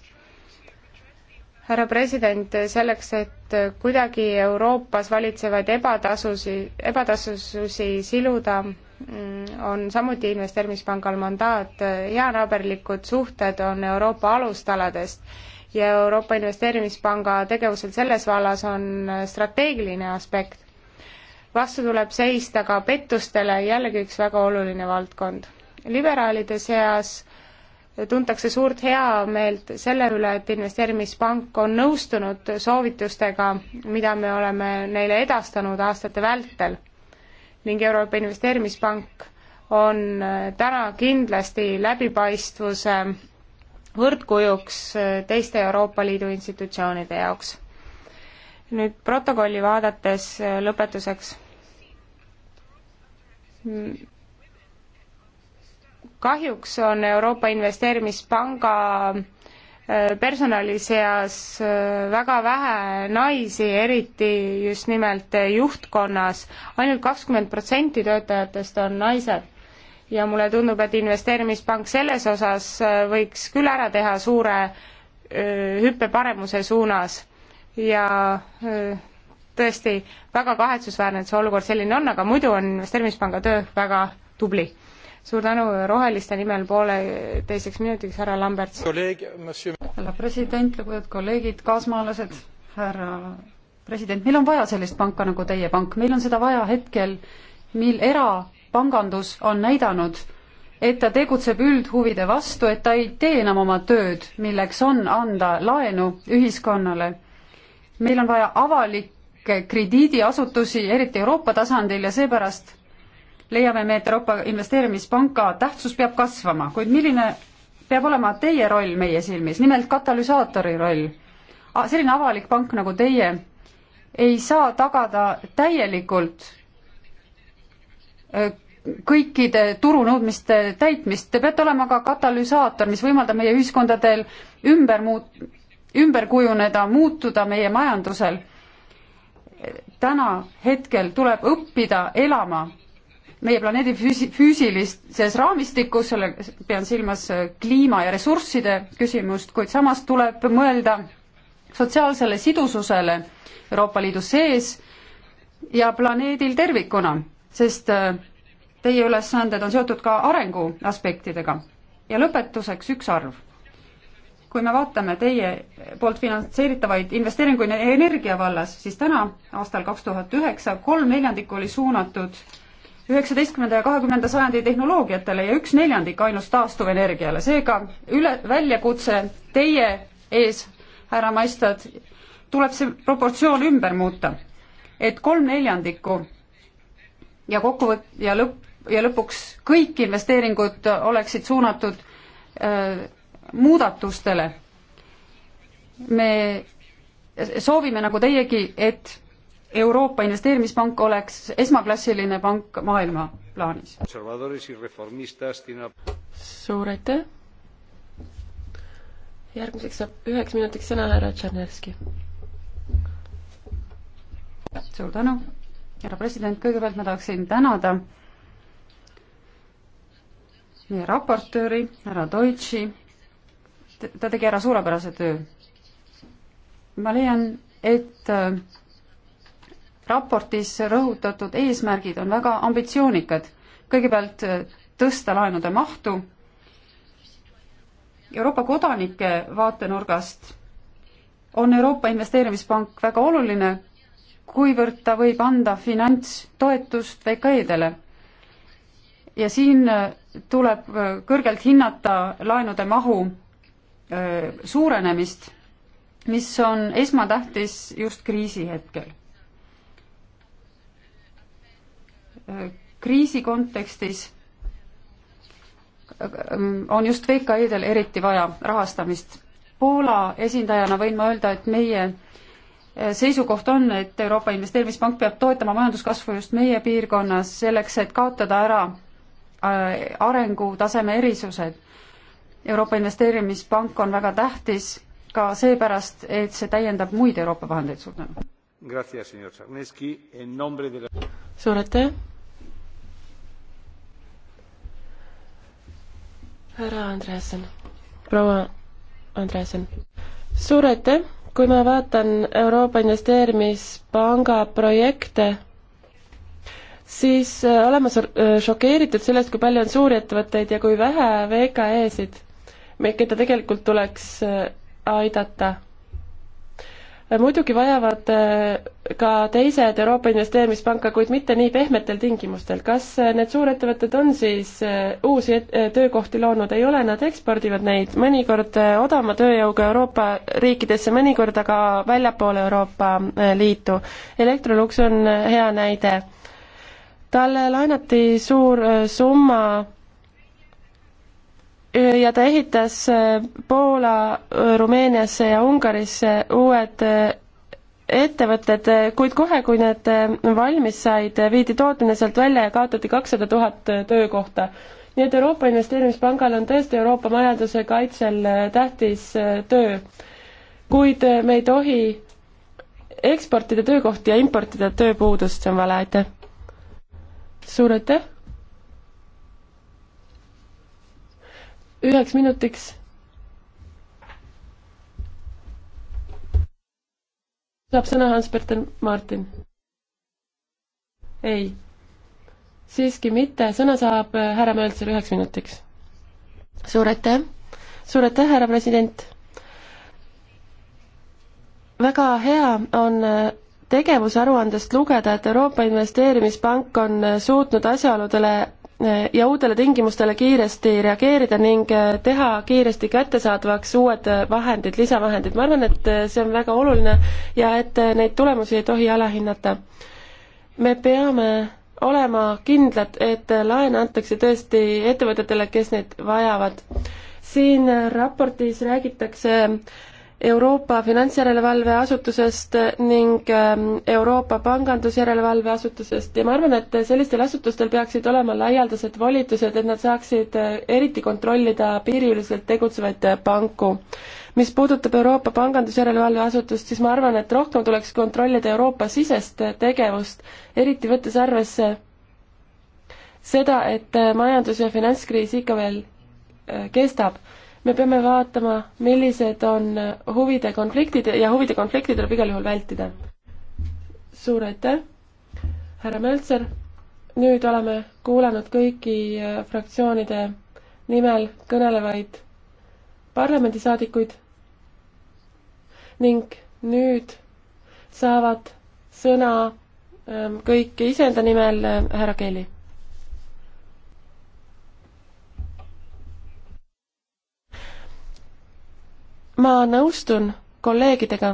härra president, selleks, et kuidagi Euroopas valitsevaid ebatasusi, ebatasususi siluda, mm, on samuti investeerimispangal mandaat, heanaaberlikud suhted on Euroopa alustaladest ja Euroopa Investeerimispanga tegevusel selles vallas on strateegiline aspekt. vastu tuleb seista ka pettustele, jällegi üks väga oluline valdkond. liberaalide seas tuntakse suurt heameelt selle üle, et investeerimispank on nõustunud soovitustega, mida me oleme neile edastanud aastate vältel. ning Euroopa Investeerimispank on täna kindlasti läbipaistvuse võrdkujuks teiste Euroopa Liidu institutsioonide jaoks. nüüd protokolli vaadates lõpetuseks kahjuks on Euroopa Investeerimispanga äh, personali seas äh, väga vähe naisi, eriti just nimelt juhtkonnas ainult. ainult kakskümmend protsenti töötajatest on naised. ja mulle tundub, et investeerimispank selles osas äh, võiks küll ära teha suure hüppe paremuse suunas ja öö, tõesti väga kahetsusväärne, et see olukord selline on, aga muidu on investeerimispanga töö väga tubli suur tänu Roheliste nimel pooleteiseks minutiks, härra Lamberts. härra president, lugupeetud kolleegid, kaasmaalased, härra president, meil on vaja sellist panka nagu teie pank, meil on seda vaja hetkel, mil erapangandus on näidanud, et ta tegutseb üldhuvide vastu, et ta ei tee enam oma tööd, milleks on anda laenu ühiskonnale. meil on vaja avalikke krediidiasutusi, eriti Euroopa tasandil ja seepärast leiame me, et Euroopa Investeerimispanga tähtsus peab kasvama, kuid milline peab olema teie roll meie silmis, nimelt katalüsaatori roll? selline avalik pank nagu teie ei saa tagada täielikult äh, kõikide turunõudmiste täitmist, te peate olema ka katalüsaator, mis võimaldab meie ühiskondadel ümber muut-, ümber kujuneda, muutuda meie majandusel. täna hetkel tuleb õppida elama meie planeedi füüsi-, füüsilises raamistikus, selle, pean silmas äh, kliima ja ressursside küsimust, kuid samas tuleb mõelda sotsiaalsele sidususele Euroopa Liidu sees ja planeedil tervikuna, sest äh, teie ülesanded on seotud ka arengu aspektidega. ja lõpetuseks üks arv. kui me vaatame teie poolt finantseeritavaid investeeringuid energia vallas, siis täna, aastal kaks tuhat üheksa, kolm neljandikku oli suunatud üheksateistkümnenda ja kahekümnenda sajandi tehnoloogiatele ja üks neljandik ainus taastuvenergiale. seega üle, väljakutse teie ees, härra Maistad, tuleb see proportsioon ümber muuta, et kolm neljandikku ja kokkuvõt- ja lõpp, ja lõpuks kõik investeeringud oleksid suunatud äh, muudatustele. me soovime, nagu teiegi, et Euroopa Investeerimispank oleks esmaklassiline pank maailma plaanis. suur aitäh! järgmiseks saab üheks minutiks sõna härra Tšernerski. suur tänu, härra president, kõigepealt ma tahaksin tänada meie raportööri, härra Deutschi, ta tegi ära suurepärase töö. ma leian, et äh, raportis rõhutatud eesmärgid on väga ambitsioonikad. kõigepealt äh, tõsta laenude mahtu, Euroopa kodanike vaatenurgast on Euroopa Investeerimispank väga oluline, kuivõrd ta võib anda finantstoetust VKE-dele. ja siin äh, tuleb äh, kõrgelt hinnata laenude mahu suurenemist, mis on esmatähtis just kriisi hetkel kriisi kontekstis on just VKI-del eriti vaja rahastamist. Poola esindajana võin ma öelda, et meie seisukoht on, et Euroopa Investeerimispank peab toetama majanduskasvu just meie piirkonnas selleks, et kaotada ära äh, arengutaseme erisused. Euroopa Investeerimispank on väga tähtis ka seepärast, et see täiendab muid Euroopa vahendeid. suur tänu! suur aitäh! härra Andreasen, proua Andreasen, suur aitäh, kui ma vaatan Euroopa Investeerimispanga projekte, siis äh, olen ma äh, šokeeritud sellest, kui palju on suurettevõtteid ja kui vähe VKE-sid, keda tegelikult tuleks äh, aidata muidugi vajavad äh, ka teised Euroopa Investeerimispanka, kuid mitte nii pehmetel tingimustel. kas äh, need suurettevõtted on siis äh, uusi töökohti loonud, ei ole, nad ekspordivad neid mõnikord odavama tööjõuga Euroopa riikidesse, mõnikord aga väljapoole Euroopa Liitu. Electrolux on hea näide. talle laenati suur summa ja ta ehitas äh, Poola, äh, Rumeeniasse ja Ungarisse uued äh, ettevõtted, kuid kohe, kui need valmis said, viidi tootmine sealt välja ja kaotati kakssada tuhat töökohta. nii et Euroopa Investeerimispangal on tõesti Euroopa majanduse kaitsel tähtis töö. kuid me ei tohi eksportida töökohti ja importida tööpuudust, see on vale, aitäh! suur aitäh! üheks minutiks. saab sõna Hans-Bertel Martin? ei, siiski mitte, sõna saab äh, härra Möltsel üheks minutiks. suur aitäh, suur aitäh, härra president. väga hea on äh, tegevusaruandest lugeda, et Euroopa Investeerimispank on äh, suutnud asjaoludele ja uutele tingimustele kiiresti reageerida ning äh, teha kiiresti kättesaadavaks uued äh, vahendid, lisavahendid. ma arvan, et äh, see on väga oluline ja et neid tulemusi ei tohi alahinnata. me peame olema kindlad, et laene antakse tõesti ettevõtetele, kes neid vajavad. siin raportis räägitakse äh, Euroopa Finantsjärelevalveasutusest ning ähm, Euroopa Pangandusjärelevalveasutusest ja ma arvan, et sellistel asutustel peaksid olema laialdased volitused, et nad saaksid äh, eriti kontrollida piiriüleselt tegutsevaid äh, panku. mis puudutab Euroopa Pangandusjärelevalveasutust, siis ma arvan, et rohkem tuleks kontrollida Euroopa-sisest äh, tegevust, eriti võttes arvesse seda, et majandus- ja finantskriis ikka veel kestab me peame vaatama, millised on huvide konfliktid ja huvide konflikti tuleb igal juhul vältida. suur aitäh, härra Möltser. nüüd oleme kuulanud kõiki äh, fraktsioonide nimel kõnelevaid parlamendisaadikuid ning nüüd saavad sõna ähm, kõik iseenda nimel äh, härra Kelly ma nõustun kolleegidega,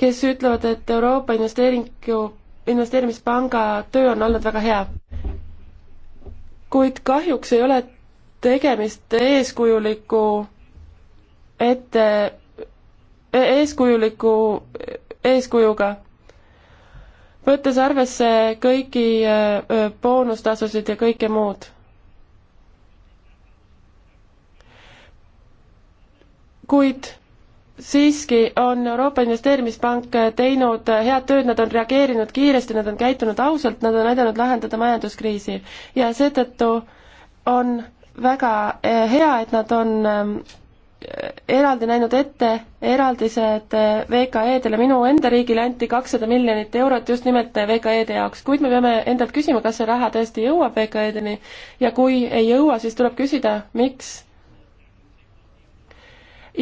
kes ütlevad, et Euroopa investeering, investeerimispanga töö on olnud väga hea. kuid kahjuks ei ole tegemist eeskujuliku ette, e-, eeskujuliku eeskujuga. võttes arvesse kõiki e-, e-, boonustasusid ja kõike muud kuid siiski on Euroopa Investeerimispank teinud head tööd, nad on reageerinud kiiresti, nad on käitunud ausalt, nad on aidanud lahendada majanduskriisi ja seetõttu on väga eh, hea, et nad on eh, eraldi näinud ette eraldised eh, VKE-dele, minu enda riigile anti kakssada miljonit eurot just nimelt VKE-de jaoks, kuid me peame endalt küsima, kas see raha tõesti jõuab VKE-deni ja kui ei jõua, siis tuleb küsida, miks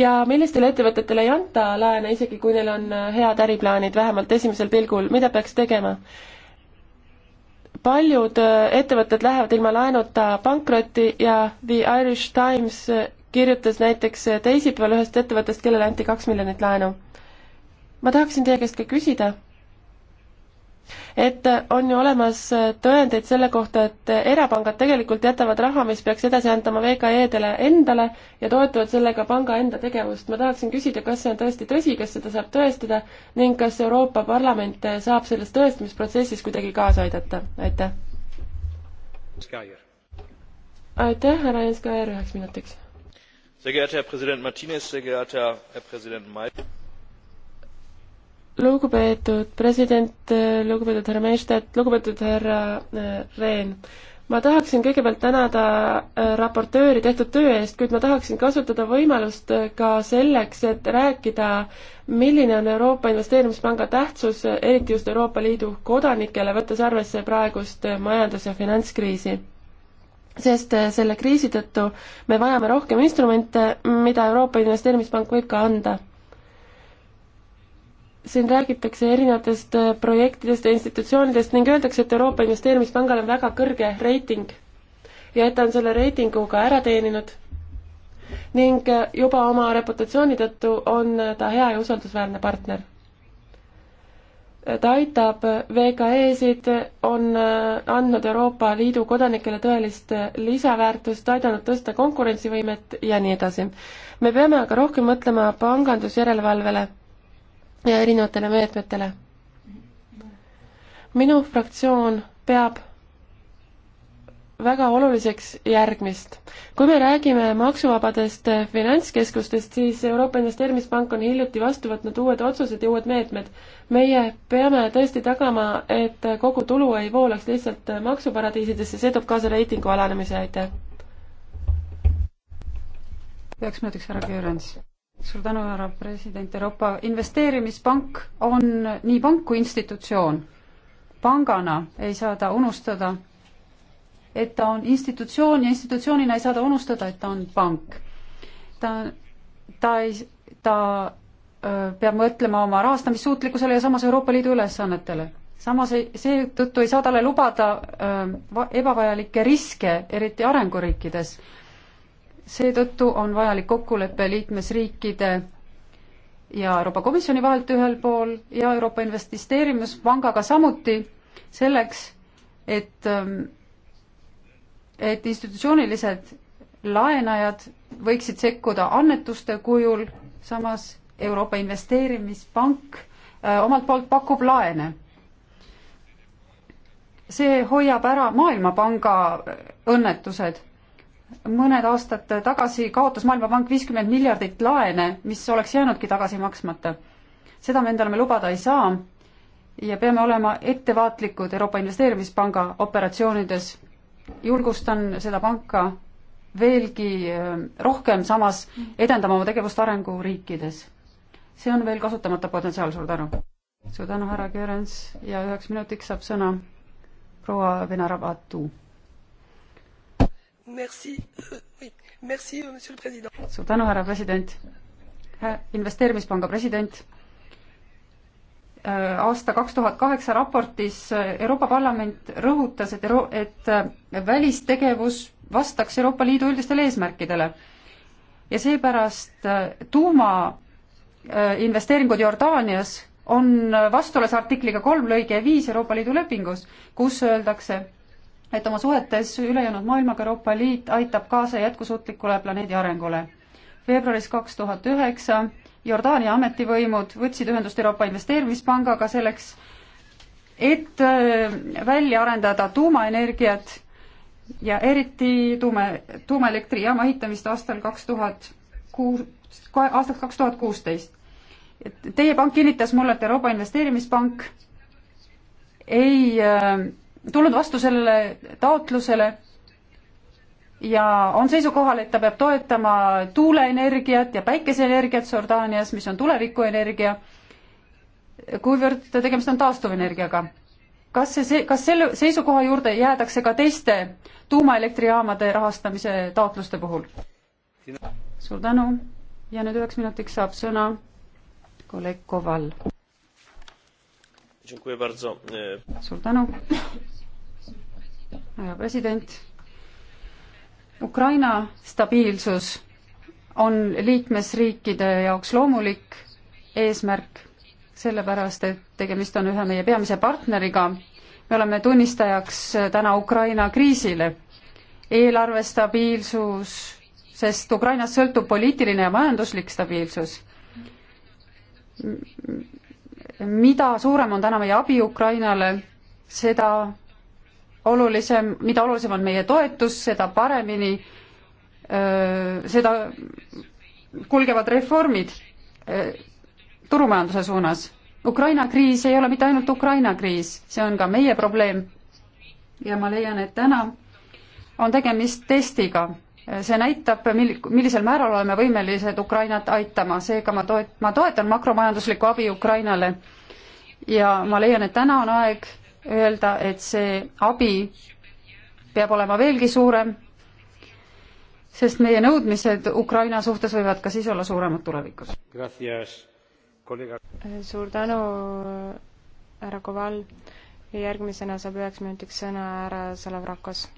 ja millistele ettevõtetele ei anta laene, isegi kui neil on äh, head äriplaanid, vähemalt esimesel pilgul, mida peaks tegema? paljud äh, ettevõtted lähevad ilma laenuta pankrotti ja The Irish Times äh, kirjutas näiteks teisipäeval ühest ettevõttest, kellele anti kaks miljonit laenu. ma tahaksin teie käest ka küsida et on ju olemas tõendeid selle kohta, et erapangad tegelikult jätavad raha, mis peaks edasi antama VKE-dele endale ja toetavad sellega panga enda tegevust. ma tahaksin küsida, kas see on tõesti tõsi, kas seda saab tõestada ning kas Euroopa Parlament saab selles tõestamisprotsessis kuidagi kaasa aidata, aitäh. aitäh, härra Jens Kaer üheks minutiks. Sehr geehrter Herr Präsident Martinez, sehr geehrter Herr Präsident May lugupeetud president, lugupeetud härra Meistet, lugupeetud härra äh, Rehn. ma tahaksin kõigepealt tänada äh, raportööri tehtud töö eest, kuid ma tahaksin kasutada võimalust äh, ka selleks, et rääkida, milline on Euroopa Investeerimispanga tähtsus, eriti just Euroopa Liidu kodanikele, võttes arvesse praegust majandus- ja finantskriisi sest selle kriisi tõttu me vajame rohkem instrumente, mida Euroopa Investeerimispank võib ka anda siin räägitakse erinevatest äh, projektidest ja institutsioonidest ning öeldakse, et Euroopa Investeerimispangal on väga kõrge reiting ja et ta on selle reitingu ka ära teeninud. ning äh, juba oma reputatsiooni tõttu on äh, ta hea ja usaldusväärne partner. ta aitab VKE-sid, on andnud Euroopa Liidu kodanikele tõelist lisaväärtust, aidanud tõsta konkurentsivõimet ja nii edasi. me peame aga rohkem mõtlema pangandusjärelevalvele ja erinevatele meetmetele. minu fraktsioon peab väga oluliseks järgmist. kui me räägime maksuvabadest finantskeskustest, siis Euroopa Investeerimispank on hiljuti vastu võtnud uued otsused ja uued meetmed. meie peame tõesti tagama, et kogu tulu ei voolaks lihtsalt maksuparadiisidesse, see toob kaasa reitingu alanemise, aitäh. üheks minutiks härra Köörens suur tänu, härra president, Euroopa Investeerimispank on nii pank kui institutsioon. pangana ei saa ta unustada, et ta on institutsioon ja institutsioonina ei saa ta unustada, et ta on pank. ta, ta ei, ta öö, peab mõtlema oma rahastamissuutlikkusele ja samas Euroopa Liidu ülesannetele. samas ei, seetõttu ei saa talle lubada öö, ebavajalikke riske, eriti arenguriikides seetõttu on vajalik kokkulepe liikmesriikide ja Euroopa Komisjoni vahelt ühel pool ja Euroopa Investeerimispangaga samuti selleks, et, ähm, et institutsioonilised laenajad võiksid sekkuda annetuste kujul, samas Euroopa Investeerimispank äh, omalt poolt pakub laene. see hoiab ära Maailmapanga õnnetused mõned aastad tagasi kaotas Maailmapank viiskümmend miljardit laene, mis oleks jäänudki tagasi maksmata. seda me endale me lubada ei saa ja peame olema ettevaatlikud Euroopa Investeerimispanga operatsioonides. julgustan seda panka veelgi äh, rohkem, samas edendama oma tegevust arenguriikides. see on veel kasutamata potentsiaal, suur tänu. suur tänu, härra Kerens ja üheks minutiks saab sõna proua Venera Batu *laughs* Euh, suur tänu, härra president. investeerimispanga president. Äh, aasta kaks tuhat kaheksa raportis äh, Euroopa Parlament rõhutas, et Euro-, et äh, välistegevus vastaks Euroopa Liidu üldistele eesmärkidele. ja seepärast tuumainvesteeringud Jordaanias on vastuolus artikliga kolm lõige viis Euroopa Liidu lepingus, kus öeldakse, et oma suhetes ülejäänud maailmaga Euroopa Liit aitab kaasa jätkusuutlikule planeedi arengule. veebruaris kaks tuhat üheksa Jordaania ametivõimud võtsid ühendust Euroopa Investeerimispangaga selleks, et äh, välja arendada tuumaenergiat ja eriti tuume, tuumaelektrijaama ehitamist aastal kaks tuhat kuus, aastaks kaks tuhat kuusteist. Teie pank kinnitas mulle, et Euroopa Investeerimispank ei äh, tulnud vastu sellele taotlusele ja on seisukohal, et ta peab toetama tuuleenergiat ja päikeseenergiat Jordaanias, mis on tulevikuenergia, kuivõrd tegemist on taastuvenergiaga. kas see, kas selle seisukoha juurde jäädakse ka teiste tuumaelektrijaamade rahastamise taotluste puhul? suur tänu ja nüüd üheks minutiks saab sõna kolleeg Koval. suur tänu president. Ukraina stabiilsus on liikmesriikide jaoks loomulik eesmärk, sellepärast et tegemist on ühe meie peamise partneriga. me oleme tunnistajaks täna Ukraina kriisile. eelarve stabiilsus, sest Ukrainast sõltub poliitiline ja majanduslik stabiilsus. mida suurem on täna meie abi Ukrainale, seda olulisem, mida olulisem on meie toetus, seda paremini, seda kulgevad reformid turumajanduse suunas. Ukraina kriis ei ole mitte ainult Ukraina kriis, see on ka meie probleem. ja ma leian, et täna on tegemist testiga. see näitab, mil-, millisel määral oleme võimelised Ukrainat aitama, seega ma toet-, ma toetan makromajanduslikku abi Ukrainale ja ma leian, et täna on aeg öelda, et see abi peab olema veelgi suurem, sest meie nõudmised Ukraina suhtes võivad ka siis olla suuremad tulevikus. suur tänu, härra Koval. järgmisena saab üheks minutiks sõna härra Salavrakos.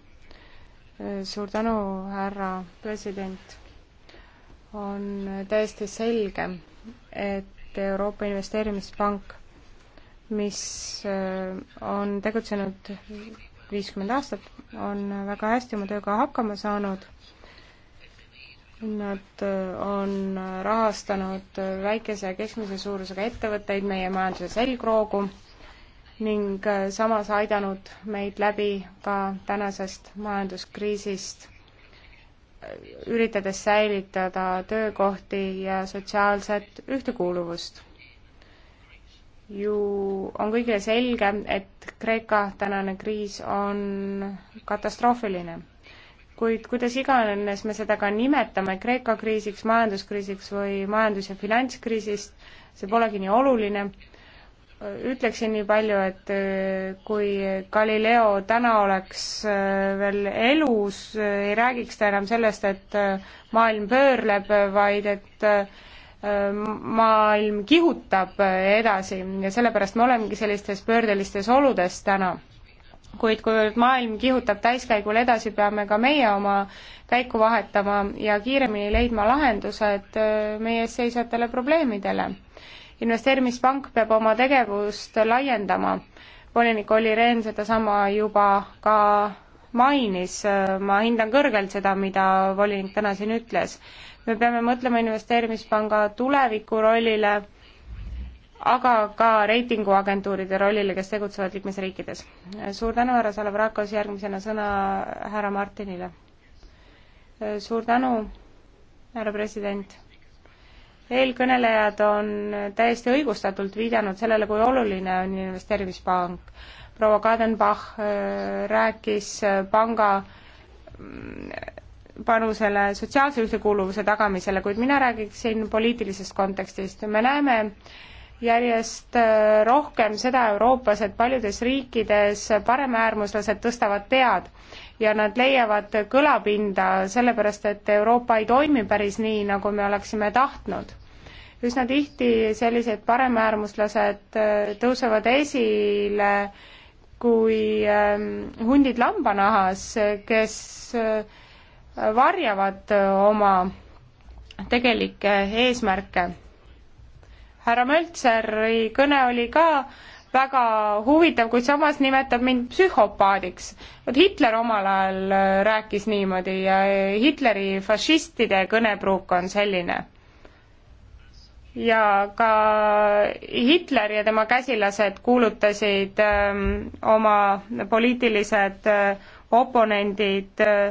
suur tänu, härra president. on täiesti selge, et Euroopa Investeerimispank mis äh, on tegutsenud viiskümmend aastat, on väga hästi oma tööga hakkama saanud. Nad äh, on rahastanud väikese ja keskmise suurusega ettevõtteid, meie majanduse selgroogu ning äh, samas aidanud meid läbi ka tänasest majanduskriisist, üritades säilitada töökohti ja sotsiaalset ühtekuuluvust ju on kõigile selge, et Kreeka tänane kriis on katastroofiline. kuid kuidas iganes me seda ka nimetame, Kreeka kriisiks, majanduskriisiks või majandus- ja finantskriisist, see polegi nii oluline, ütleksin nii palju, et äh, kui Galileo täna oleks äh, veel elus, äh, ei räägiks ta enam sellest, et maailm pöörleb, vaid et maailm kihutab edasi ja sellepärast me olemegi sellistes pöördelistes oludes täna. kuid kuivõrd maailm kihutab täiskäigul edasi, peame ka meie oma käiku vahetama ja kiiremini leidma lahendused äh, meie ees seisvatele probleemidele. investeerimispank peab oma tegevust laiendama. volinik Olli Rehn sedasama juba ka mainis, äh, ma hindan kõrgelt seda, mida volinik täna siin ütles me peame mõtlema investeerimispanga tuleviku rollile, aga ka reitinguagentuuride rollile, kes tegutsevad liikmesriikides. suur tänu, härra Salavrakos, järgmisena sõna härra Martinile. suur tänu, härra president. eelkõnelejad on täiesti õigustatult viidanud sellele, kui oluline on investeerimispank. proua Kadenbach äh, rääkis äh, panga mm, panusele sotsiaalse ühtekuuluvuse tagamisele, kuid mina räägiksin poliitilisest kontekstist. me näeme järjest äh, rohkem seda Euroopas, et paljudes riikides paremäärmuslased tõstavad pead ja nad leiavad kõlapinda, sellepärast et Euroopa ei toimi päris nii, nagu me oleksime tahtnud. üsna tihti sellised paremäärmuslased äh, tõusevad esile kui ähm, hundid lambanahas, kes äh, varjavad äh, oma tegelikke eesmärke. härra Möltseri kõne oli ka väga huvitav, kuid samas nimetab mind psühhopaadiks. vot Hitler omal ajal äh, rääkis niimoodi ja äh, Hitleri fašistide kõnepruuk on selline. ja ka Hitler ja tema käsilased kuulutasid öö, ähm, oma poliitilised öö, oponendid öö,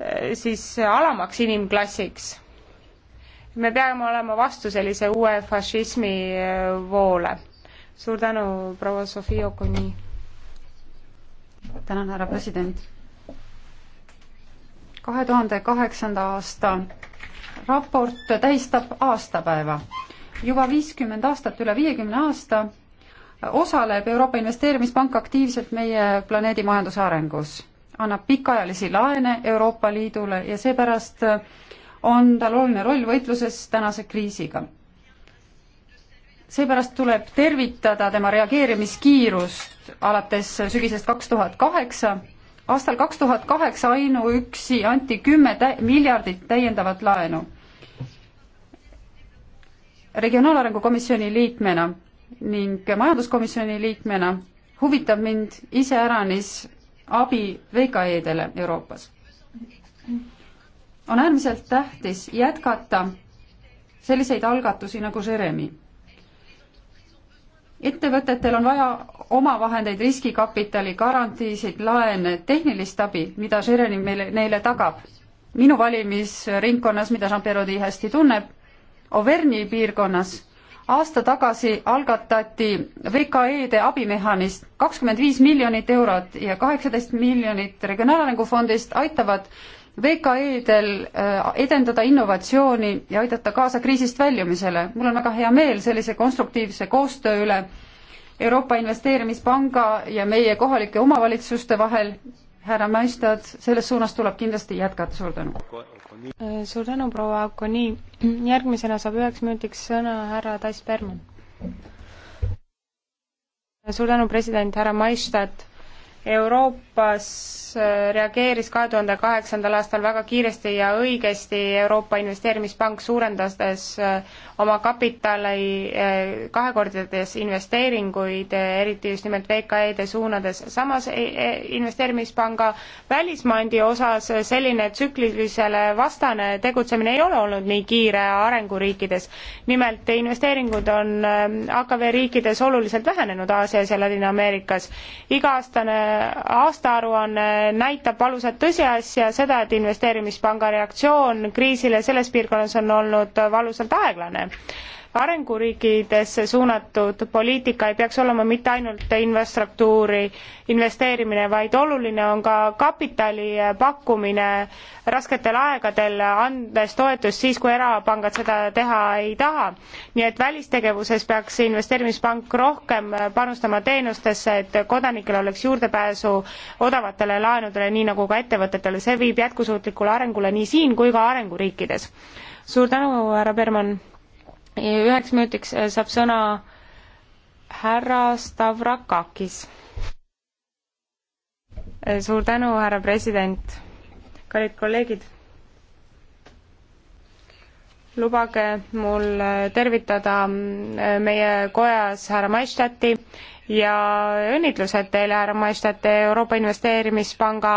Eh, siis alamaks inimklassiks. me peame olema vastu sellise uue fašismi eh, voole. suur tänu, proua Sofia Okuni. tänan, härra president. kahe tuhande kaheksanda aasta raport tähistab aastapäeva. juba viiskümmend aastat, üle viiekümne aasta osaleb Euroopa Investeerimispank aktiivselt meie planeedi majanduse arengus annab pikaajalisi laene Euroopa Liidule ja seepärast äh, on tal oluline roll võitluses tänase kriisiga. seepärast tuleb tervitada tema reageerimiskiirust alates sügisest kaks tuhat kaheksa, aastal kaks tuhat kaheksa ainuüksi anti kümme tä-, miljardit täiendavat laenu. regionaalarengu komisjoni liikmena ning majanduskomisjoni liikmena huvitab mind iseäranis abi VKE-dele Euroopas. on äärmiselt tähtis jätkata selliseid algatusi nagu Jeremy. ettevõtetel on vaja omavahendeid, riskikapitali, garantiisid, laene, tehnilist abi, mida Jeremy meile, neile tagab. minu valimisringkonnas, mida Jean-Pierre Audi hästi tunneb, Auvergne'i piirkonnas aasta tagasi algatati VKE-de abimehhanism, kakskümmend viis miljonit eurot ja kaheksateist miljonit Regionaalarengu fondist aitavad VKE-del äh, edendada innovatsiooni ja aidata kaasa kriisist väljumisele. mul on väga hea meel sellise konstruktiivse koostöö üle Euroopa Investeerimispanga ja meie kohalike omavalitsuste vahel. härra Maistad, selles suunas tuleb kindlasti jätkata, suur tänu suur tänu, proua Akoni. järgmisena saab üheks minutiks sõna härra Tass Berman. suur tänu, president härra Maistat Euroopas äh, reageeris kahe tuhande kaheksandal aastal väga kiiresti ja õigesti Euroopa Investeerimispank suurendades äh, oma kapitali äh, kahekordades investeeringuid, eriti just nimelt VKE-de suunades. samas e, e, investeerimispanga välismandi osas selline tsüklilisele vastane tegutsemine ei ole olnud nii kiire arenguriikides. nimelt investeeringud on AKV riikides oluliselt vähenenud Aasias ja Ladina-Ameerikas. iga-aastane aastaaruanne näitab valusat tõsiasja, seda, et investeerimispanga reaktsioon kriisile selles piirkonnas on olnud valusalt aeglane arenguriikidesse suunatud poliitika ei peaks olema mitte ainult infrastruktuuri investeerimine, vaid oluline on ka kapitali pakkumine rasketel aegadel, andes toetust siis, kui erapangad seda teha ei taha. nii et välistegevuses peaks investeerimispank rohkem panustama teenustesse, et kodanikel oleks juurdepääsu odavatele laenudele, nii nagu ka ettevõtetele, see viib jätkusuutlikule arengule nii siin kui ka arenguriikides. suur tänu, härra Berman! üheks minutiks äh, saab sõna härra Stavrakakis. Äh, suur tänu, härra president. kallid kolleegid. lubage mul äh, tervitada mm, meie kojas härra Maistati ja õnnitlused teile, härra Maestate, Euroopa Investeerimispanga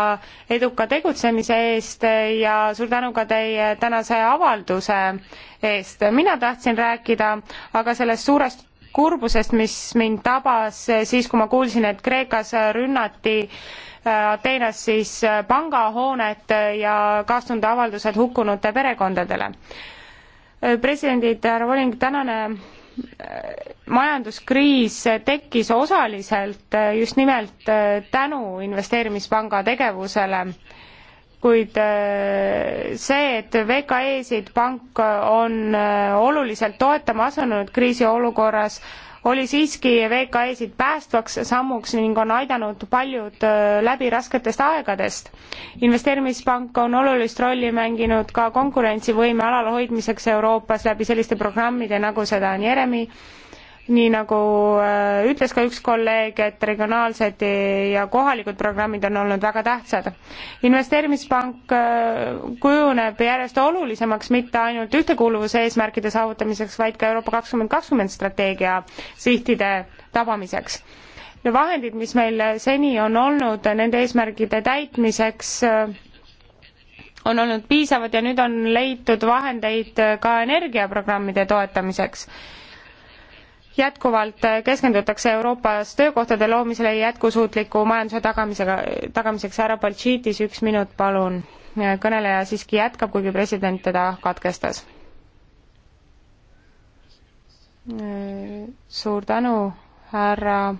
eduka tegutsemise eest ja suur tänu ka teie tänase avalduse eest. mina tahtsin rääkida aga sellest suurest kurbusest, mis mind tabas siis, kui ma kuulsin, et Kreekas rünnati äh, Ateenas siis äh, pangahoonet ja kaastundeavaldused hukkunute perekondadele. Äh, presidendid, härra Voling, tänane majanduskriis tekkis osaliselt äh, just nimelt äh, tänu investeerimispanga tegevusele, kuid äh, see, et VKE-sid pank on oluliselt toetama asunud kriisiolukorras, oli siiski VKE-sid päästvaks sammuks ning on aidanud paljud äh, läbi rasketest aegadest. investeerimispank on olulist rolli mänginud ka konkurentsivõime alalhoidmiseks Euroopas läbi selliste programmide nagu seda on Jeremy nii nagu äh, ütles ka üks kolleeg, et regionaalsed ja kohalikud programmid on olnud väga tähtsad. investeerimispank äh, kujuneb järjest olulisemaks mitte ainult ühtekuuluvuse eesmärkide saavutamiseks, vaid ka Euroopa kakskümmend kakskümmend strateegia sihtide tabamiseks. vahendid, mis meil seni on olnud nende eesmärgide täitmiseks, äh, on olnud piisavad ja nüüd on leitud vahendeid ka energiaprogrammide toetamiseks jätkuvalt keskendutakse Euroopas töökohtade loomisele jätkusuutliku majanduse tagamisega, tagamiseks. härra Baltšiitis, üks minut, palun. kõneleja siiski jätkab, kuigi president teda katkestas. suur tänu, härra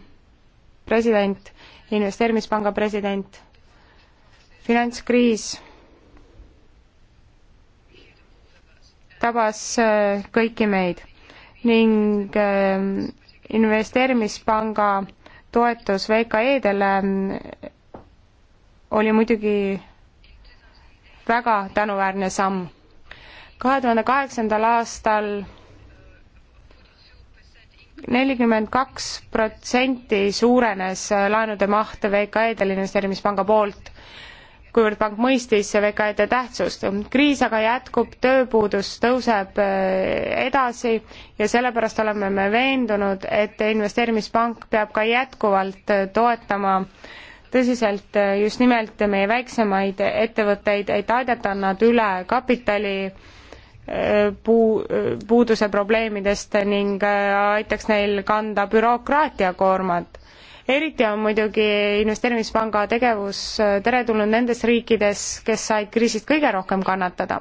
president, investeerimispanga president. finantskriis tabas kõiki meid ning ähm, investeerimispanga toetus VKE-dele ähm, oli muidugi väga tänuväärne samm. kahe tuhande kaheksandal aastal nelikümmend kaks protsenti suurenes äh, laenude maht VKE-del investeerimispanga poolt kuivõrd pank mõistis VKE-de tähtsust. kriis aga jätkub, tööpuudus tõuseb äh, edasi ja sellepärast oleme me veendunud, et investeerimispank peab ka jätkuvalt äh, toetama tõsiselt äh, just nimelt meie väiksemaid ettevõtteid, et aidata nad üle kapitali puu, puuduse probleemidest ning aitaks neil kanda bürokraatia koormat eriti on muidugi investeerimispanga tegevus äh, teretulnud nendes riikides, kes said kriisist kõige rohkem kannatada.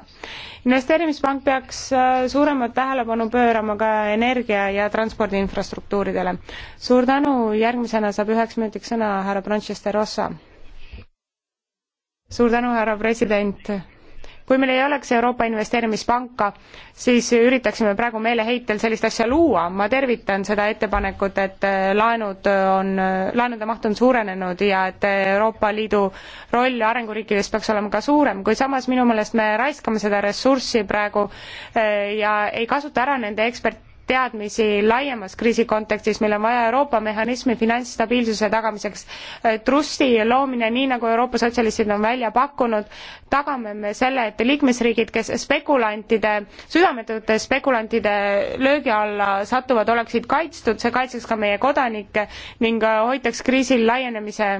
investeerimispank peaks äh, suuremat tähelepanu pöörama ka energia ja transpordi infrastruktuuridele. suur tänu, järgmisena saab üheks minutiks sõna härra Francesco Rossa. suur tänu, härra president kui meil ei oleks Euroopa Investeerimispanka, siis üritaksime praegu meeleheitel sellist asja luua, ma tervitan seda ettepanekut, et äh, laenud on, laenude maht on suurenenud ja et Euroopa Liidu roll arenguriikides peaks olema ka suurem, kuid samas minu meelest me raiskame seda ressurssi praegu äh, ja ei kasuta ära nende ekspert-, teadmisi laiemas kriisi kontekstis, meil on vaja Euroopa mehhanismi finantsstabiilsuse tagamiseks. Äh, trusti loomine, nii nagu Euroopa sotsialistid on välja pakkunud, tagame me selle, et liikmesriigid, kes spekulantide, südametute spekulantide löögi alla satuvad, oleksid kaitstud, see kaitseks ka meie kodanikke ning äh, hoitaks kriisil laienemise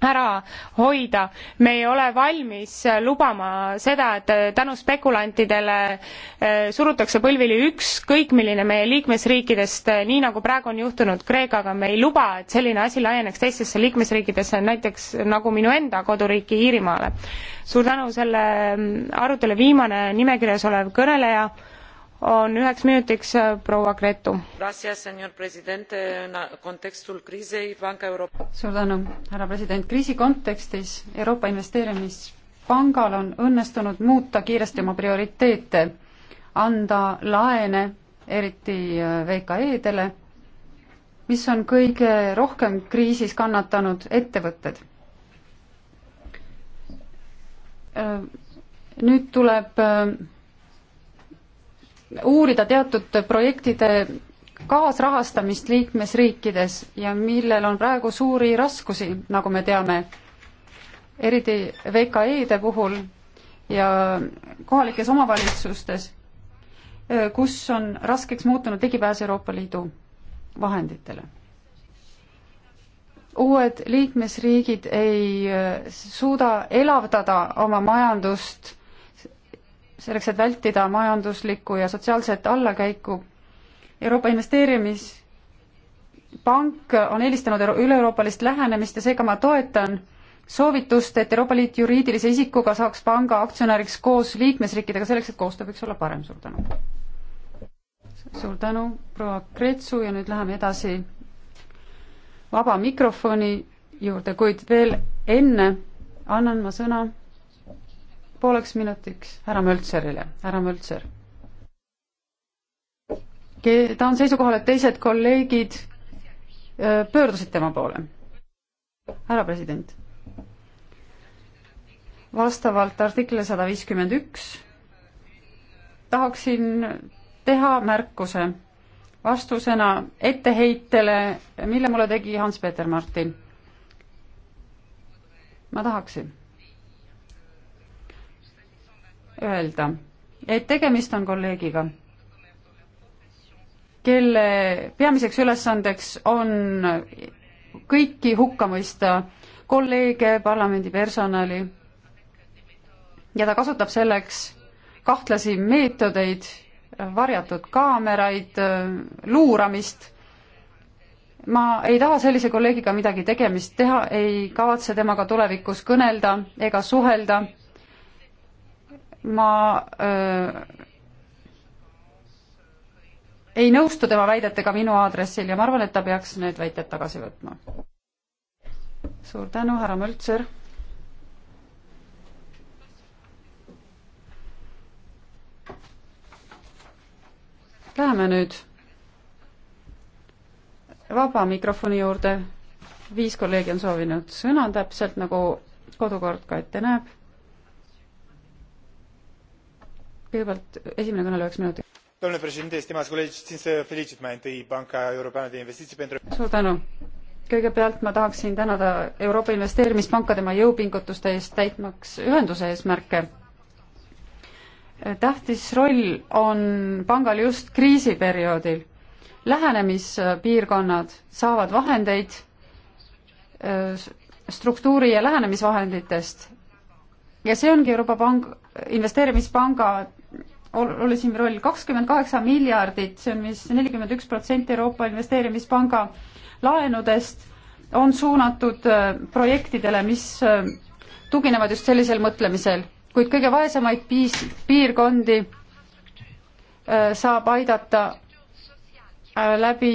ära hoida. me ei ole valmis lubama seda, et tänu spekulantidele eh, surutakse põlvili ükskõik milline meie liikmesriikidest, eh, nii nagu praegu on juhtunud Kreekaga, me ei luba, et selline asi laieneks teistesse liikmesriikidesse, näiteks nagu minu enda koduriiki Iirimaale. suur tänu selle mm, arutelu viimane nimekirjas olev kõneleja on üheks minutiks äh, proua Gretu. suur tänu, härra president. kriisi kontekstis Euroopa Investeerimispangal on õnnestunud muuta kiiresti oma prioriteete, anda laene eriti äh, VKE-dele, mis on kõige rohkem kriisis kannatanud ettevõtted äh, nüüd tuleb uurida teatud projektide kaasrahastamist liikmesriikides ja millel on praegu suuri raskusi, nagu me teame, eriti VKE-de puhul ja kohalikes omavalitsustes, kus on raskeks muutunud ligipääs Euroopa Liidu vahenditele. uued liikmesriigid ei suuda elavdada oma majandust selleks, et vältida majanduslikku ja sotsiaalset allakäiku. Euroopa Investeerimispank on eelistanud üle-euroopalist lähenemist ja seega ma toetan soovitust, et Euroopa Liit juriidilise isikuga saaks panga aktsionäriks koos liikmesriikidega, selleks et koostöö võiks olla parem, suur tänu. suur tänu, proua Kretsu ja nüüd läheme edasi vaba mikrofoni juurde, kuid veel enne annan ma sõna pooleks minutiks härra Möltserile, härra Möltser. ta on seisukohal, et teised kolleegid pöördusid tema poole. härra president. vastavalt artiklile sada viiskümmend üks tahaksin teha märkuse vastusena etteheitele, mille mulle tegi Hans-Peter Martin. ma tahaksin öelda, et tegemist on kolleegiga, kelle peamiseks ülesandeks on kõiki hukka mõista, kolleege, parlamendi personali ja ta kasutab selleks kahtlasi meetodeid, varjatud kaameraid, luuramist. ma ei taha sellise kolleegiga midagi tegemist teha, ei kavatse temaga tulevikus kõnelda ega suhelda ma öö, äh, ei nõustu tema väidetega minu aadressil ja ma arvan, et ta peaks need väited tagasi võtma. suur tänu, härra Möltser. Läheme nüüd vaba mikrofoni juurde. viis kolleegi on soovinud sõna, täpselt nagu kodukord ka ette näeb kõigepealt esimene kõneleja üheks minutiks. domnule președinte, stimați colegi, țin să felicit mai întâi Banca Europeană de Investiții pentru suur tänu! kõigepealt ma tahaksin tänada Euroopa Investeerimispanka tema jõupingutuste eest täitmaks ühenduse eesmärke. tähtis roll on pangal just kriisiperioodil. lähenemispiirkonnad saavad vahendeid struktuuri- ja lähenemisvahenditest ja see ongi Euroopa Pang-, investeerimispanga olulisem roll, kakskümmend kaheksa miljardit, see on vist nelikümmend üks protsenti Euroopa Investeerimispanga laenudest, on suunatud äh, projektidele, mis äh, tuginevad just sellisel mõtlemisel, kuid kõige vaesemaid piis-, piirkondi äh, saab aidata läbi,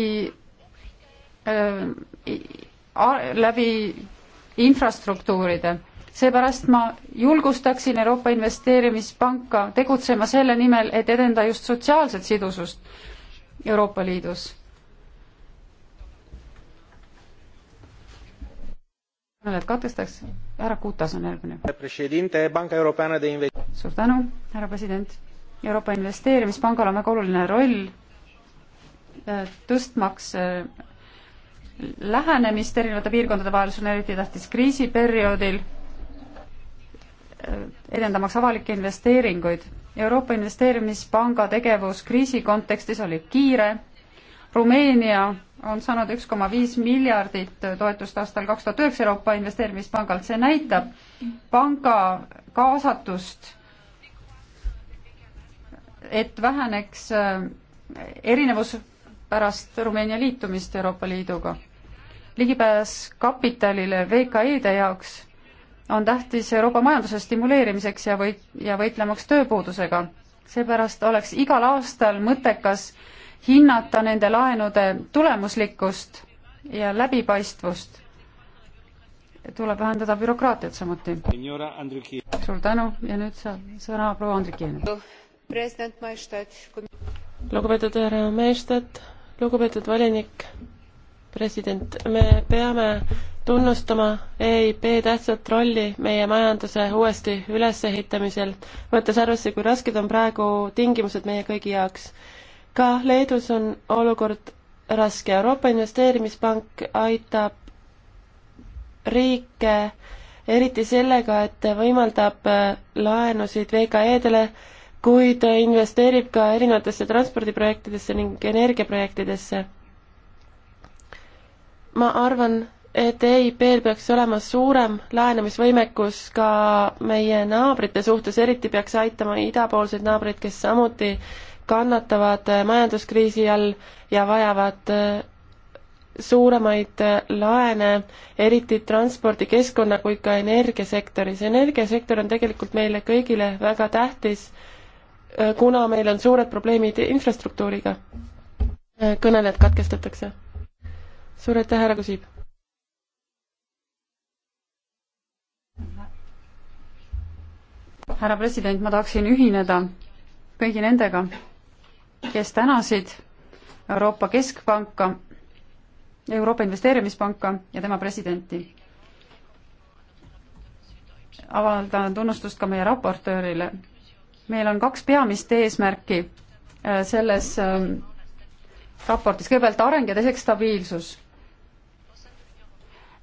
läbi infrastruktuuride seepärast ma julgustaksin Euroopa Investeerimispanka tegutsema selle nimel, et edenda just sotsiaalset sidusust Euroopa Liidus. et katkestaks, härra Kutas on järgmine. suur tänu, härra president. Euroopa Investeerimispangal on väga oluline roll äh, tõstmaks äh, lähenemist erinevate piirkondade vahel, see on eriti tähtis kriisiperioodil edendamaks avalikke investeeringuid. Euroopa Investeerimispanga tegevus kriisi kontekstis oli kiire, Rumeenia on saanud üks koma viis miljardit toetust aastal kaks tuhat üheksa Euroopa Investeerimispangalt, see näitab panga kaasatust, et väheneks äh, erinevus pärast Rumeenia liitumist Euroopa Liiduga. ligipääs kapitalile VKE-de jaoks on tähtis Euroopa majanduse stimuleerimiseks ja võit-, ja võitlemaks tööpuudusega. seepärast oleks igal aastal mõttekas hinnata nende laenude tulemuslikkust ja läbipaistvust. tuleb vähendada bürokraatiat samuti. suur tänu ja nüüd saab sõna proua Andrikiene. lugupeetud härra Meestet, lugupeetud volinik, president, me peame tunnustama EIB tähtsat rolli meie majanduse uuesti ülesehitamisel, võttes arvesse, kui rasked on praegu tingimused meie kõigi jaoks. ka Leedus on olukord raske, Euroopa Investeerimispank aitab riike eriti sellega, et võimaldab äh, laenusid VKE-dele, kuid investeerib ka erinevatesse transpordiprojektidesse ning energiaprojektidesse. ma arvan, et EIP-l peaks olema suurem laenamisvõimekus ka meie naabrite suhtes, eriti peaks aitama idapoolseid naabreid, kes samuti kannatavad äh, majanduskriisi all ja vajavad äh, suuremaid äh, laene, eriti transpordi, keskkonna kui ka energiasektoris. energiasektor on tegelikult meile kõigile väga tähtis, kuna meil on suured probleemid infrastruktuuriga. kõnelejad katkestatakse. suur aitäh, härra Kusib! härra president, ma tahaksin ühineda kõigi nendega, kes tänasid Euroopa Keskpanka, Euroopa Investeerimispanka ja tema presidenti. avaldan tunnustust ka meie raportöörile. meil on kaks peamist eesmärki äh, selles ähm, raportis, kõigepealt areng ja teiseks stabiilsus.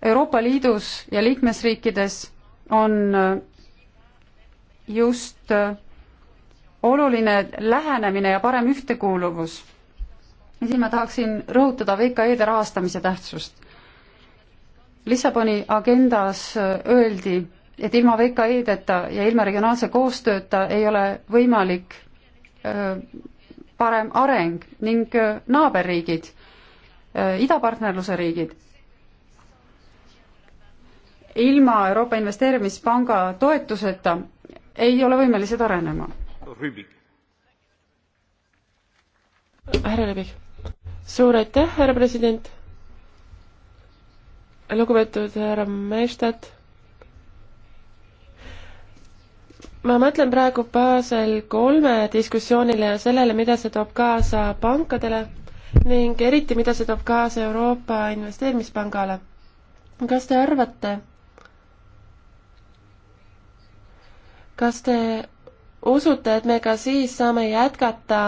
Euroopa Liidus ja liikmesriikides on äh, just äh, oluline lähenemine ja parem ühtekuuluvus. ja siin ma tahaksin rõhutada VKE-de rahastamise tähtsust. Lissaboni agendas äh, öeldi, et ilma VKE-deta ja ilma regionaalse koostööta ei ole võimalik äh, parem areng ning naaberriigid, idapartnerluse riigid, ilma Euroopa Investeerimispanga toetuseta ei ole võimelised arenema. härra Rübik. suur aitäh, härra president. lugupeetud härra Meestat. ma mõtlen praegu Basel kolme diskussioonile ja sellele, mida see toob kaasa pankadele ning eriti, mida see toob kaasa Euroopa Investeerimispangale. kas te arvate, kas te usute, et me ka siis saame jätkata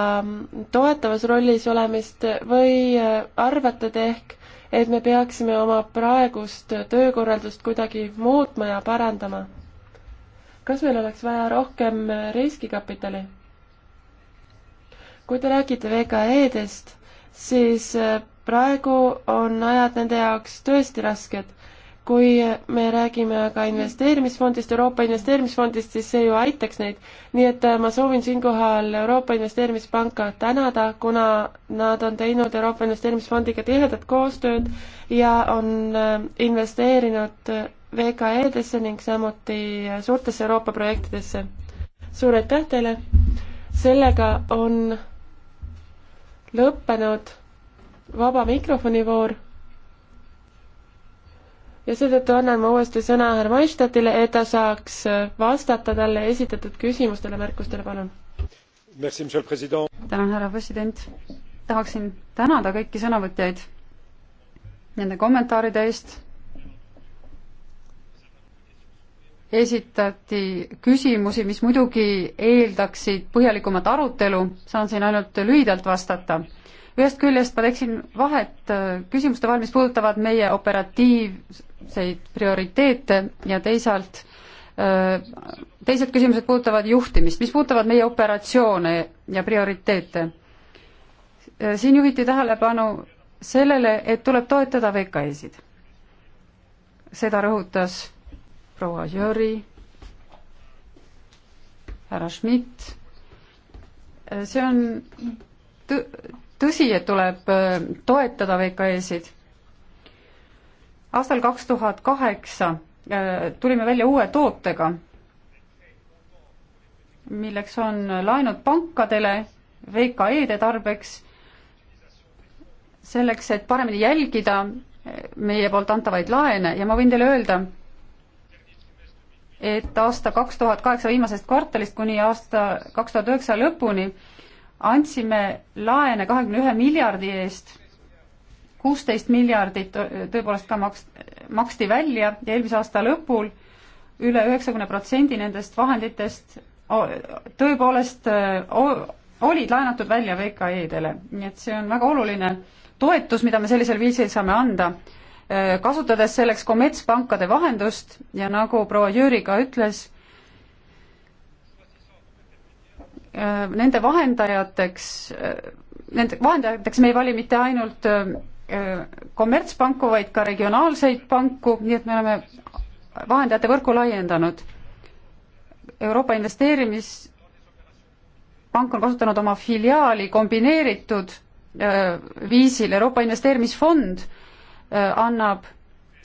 toetavas rollis olemist või äh, arvate te ehk, et me peaksime oma praegust töökorraldust kuidagi muutma ja parandama? kas meil oleks vaja rohkem äh, riskikapitali? kui te räägite VKE-dest, siis äh, praegu on ajad nende jaoks tõesti rasked kui me räägime aga investeerimisfondist, Euroopa investeerimisfondist, siis see ju aitaks neid. nii et äh, ma soovin siinkohal Euroopa Investeerimispanka tänada, kuna nad on teinud Euroopa Investeerimisfondiga tihedat koostööd ja on äh, investeerinud äh, VKE-desse ning samuti suurtesse Euroopa projektidesse. suur aitäh teile! sellega on lõppenud vaba mikrofoni voor ja seetõttu annan ma uuesti sõna härra Maistatile, et ta saaks äh, vastata talle esitatud küsimustele, märkustele, palun. tänan, härra president. tahaksin tänada kõiki sõnavõtjaid nende kommentaaride eest. esitati küsimusi, mis muidugi eeldaksid põhjalikumat arutelu, saan siin ainult lühidalt vastata ühest küljest ma teeksin vahet äh, küsimuste vahel, mis puudutavad meie operatiivseid prioriteete ja teisalt äh, teised küsimused puudutavad juhtimist, mis puudutavad meie operatsioone ja prioriteete. Äh, siin juhiti tähelepanu sellele, et tuleb toetada VKE-sid. seda rõhutas proua Jüri, härra Schmidt, see on tõsi, et tuleb äh, toetada VKE-sid. aastal kaks tuhat kaheksa äh, tulime välja uue tootega, milleks on laenud pankadele VKE-de tarbeks, selleks, et paremini jälgida äh, meie poolt antavaid laene ja ma võin teile öelda, et aasta kaks tuhat kaheksa viimasest kvartalist kuni aasta kaks tuhat üheksa lõpuni andsime laene kahekümne ühe miljardi eest, kuusteist miljardit tõepoolest ka maks-, maksti välja ja eelmise aasta lõpul üle üheksakümne protsendi nendest vahenditest tõepoolest olid laenatud välja VKE-dele, nii et see on väga oluline toetus, mida me sellisel viisil saame anda, kasutades selleks kommertspankade vahendust ja nagu proua Jüri ka ütles, Äh, nende vahendajateks, äh, nende vahendajateks me ei vali mitte ainult äh, kommertspanku, vaid ka regionaalseid panku, nii et me oleme vahendajate võrku laiendanud. Euroopa Investeerimispank on kasutanud oma filiaali kombineeritud viisil, Euroopa Investeerimisfond annab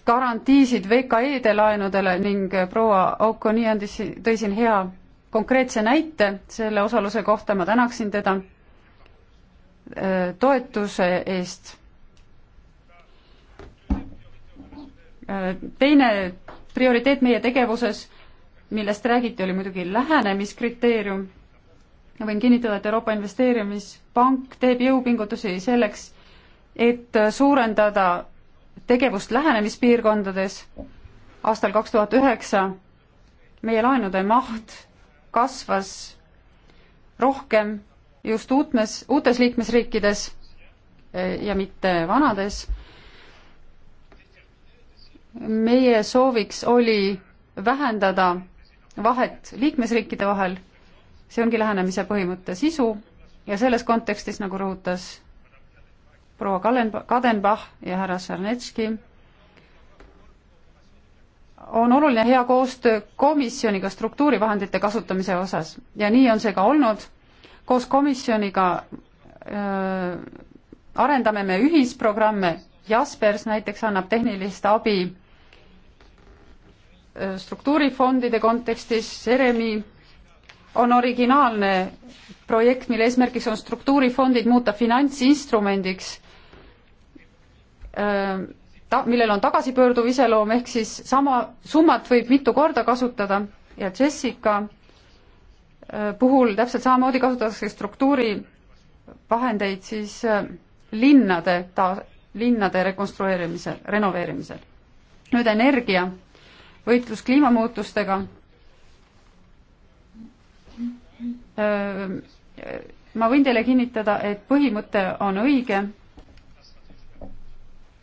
garantiisid VKE-de laenudele ning proua Aukoni andis, tõi siin hea konkreetse näite selle osaluse kohta, ma tänaksin teda toetuse eest. teine prioriteet meie tegevuses, millest räägiti, oli muidugi lähenemiskriteerium. ma võin kinnitada, et Euroopa Investeerimispank teeb jõupingutusi selleks, et suurendada tegevust lähenemispiirkondades. aastal kaks tuhat üheksa meie laenude maht kasvas rohkem just uutmes, uutes liikmesriikides eh, ja mitte vanades. meie sooviks oli vähendada vahet liikmesriikide vahel, see ongi lähenemise põhimõtte sisu ja selles kontekstis, nagu rõhutas proua Kadenbach ja härra Sarnetski, on oluline hea koostöö komisjoniga struktuurivahendite kasutamise osas ja nii on see ka olnud. koos komisjoniga öö, arendame me ühisprogramme, Jaspers näiteks annab tehnilist abi struktuurifondide kontekstis, Jeremy on originaalne projekt, mille eesmärgiks on struktuurifondid muuta finantsinstrumendiks öö, ta-, millel on tagasipöörduv iseloom, ehk siis sama summat võib mitu korda kasutada ja Jessica äh, puhul täpselt samamoodi kasutatakse struktuurivahendeid siis äh, linnade ta-, linnade rekonstrueerimisel, renoveerimisel. nüüd energia, võitlus kliimamuutustega, äh, ma võin teile kinnitada, et põhimõte on õige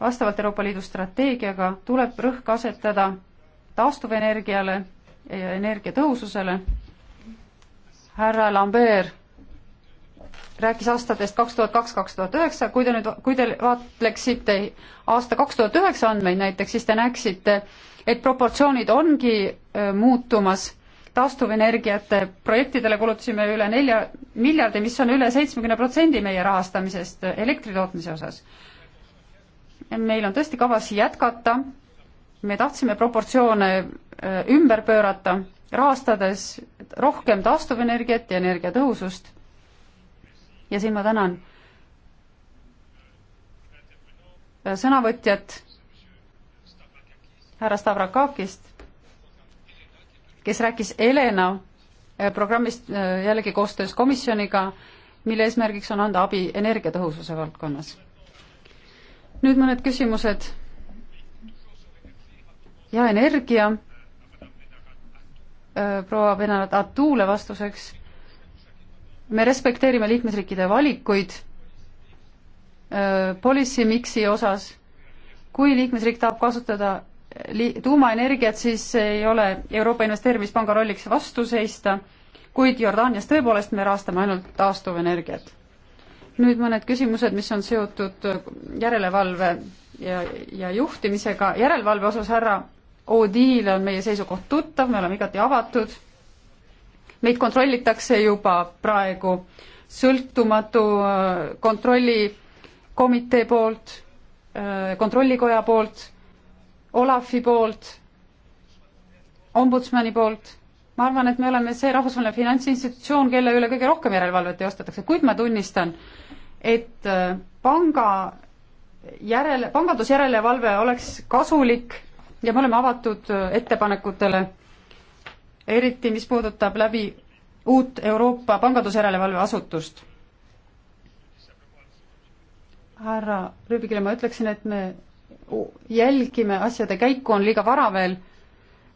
vastavalt Euroopa Liidu strateegiaga tuleb rõhk asetada taastuvenergiale ja energiatõhususele. härra Lambert rääkis aastatest kaks tuhat kaks, kaks tuhat üheksa, kui te nüüd, kui te vaatleksite aasta kaks tuhat üheksa andmeid näiteks, siis te näeksite, et proportsioonid ongi muutumas. taastuvenergiate projektidele kulutasime üle nelja miljardi, mis on üle seitsmekümne protsendi meie rahastamisest elektri tootmise osas meil on tõesti kavas jätkata, me tahtsime proportsioone äh, ümber pöörata, rahastades rohkem taastuvenergiat ja energiatõhusust. ja siin ma tänan äh, sõnavõtjat, härra Stavrakakist, kes rääkis Helena äh, programmist jällegi koostöös komisjoniga, mille eesmärgiks on anda abi energiatõhususe valdkonnas nüüd mõned küsimused. ja energia. Äh, proua Venerat Atule vastuseks. me respekteerime liikmesriikide valikuid äh, policy mix'i osas. kui liikmesriik tahab kasutada li-, tuumaenergiat, siis ei ole Euroopa Investeerimispanga rolliks vastu seista, kuid Jordaanias tõepoolest me rahastame ainult taastuvenergiat nüüd mõned küsimused, mis on seotud äh, järelevalve ja, ja juhtimisega. järelevalve osas härra Odile on meie seisukoht tuttav, me oleme igati avatud. meid kontrollitakse juba praegu sõltumatu äh, kontrollikomitee poolt, äh, kontrollikoja poolt, Olafi poolt, ombudsmani poolt ma arvan, et me oleme see rahvusvaheline finantsinstitutsioon, kelle üle kõige rohkem järelevalvet teostatakse, kuid ma tunnistan, et äh, panga järele, pangandusjärelevalve oleks kasulik ja me oleme avatud äh, ettepanekutele, eriti mis puudutab läbi uut Euroopa pangandusjärelevalve asutust. härra Rüübikile ma ütleksin, et me jälgime asjade käiku, on liiga vara veel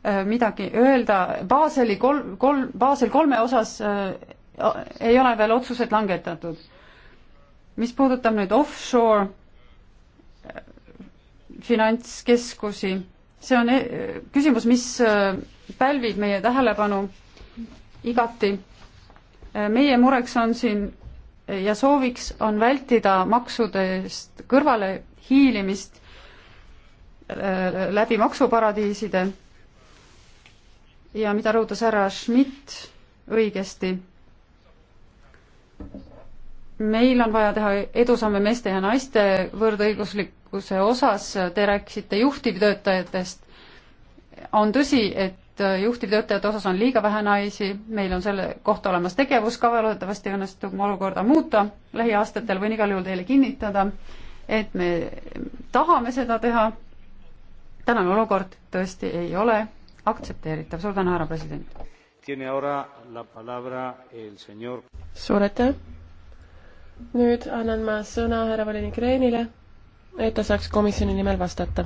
äh, midagi öelda, Baseli kolm, kolm, Basel kolme osas äh, ei ole veel otsused langetatud mis puudutab nüüd offshore äh, finantskeskusi, see on e-, küsimus, mis äh, pälvib meie tähelepanu igati. Äh, meie mureks on siin ja sooviks on vältida maksudest kõrvale hiilimist läbi maksuparadiiside ja mida rõhutas härra Schmidt õigesti, meil on vaja teha edusamme meeste ja naiste võrdõiguslikkuse osas, te rääkisite juhtivtöötajatest. on tõsi, et juhtivtöötajate osas on liiga vähe naisi, meil on selle kohta olemas tegevuskava, loodetavasti õnnestub olukorda muuta lähiaastatel, võin igal juhul teile kinnitada, et me tahame seda teha. tänane olukord tõesti ei ole aktsepteeritav, suur tänu, härra president. suur aitäh nüüd annan ma sõna härra volinik Reinile, et ta saaks komisjoni nimel vastata.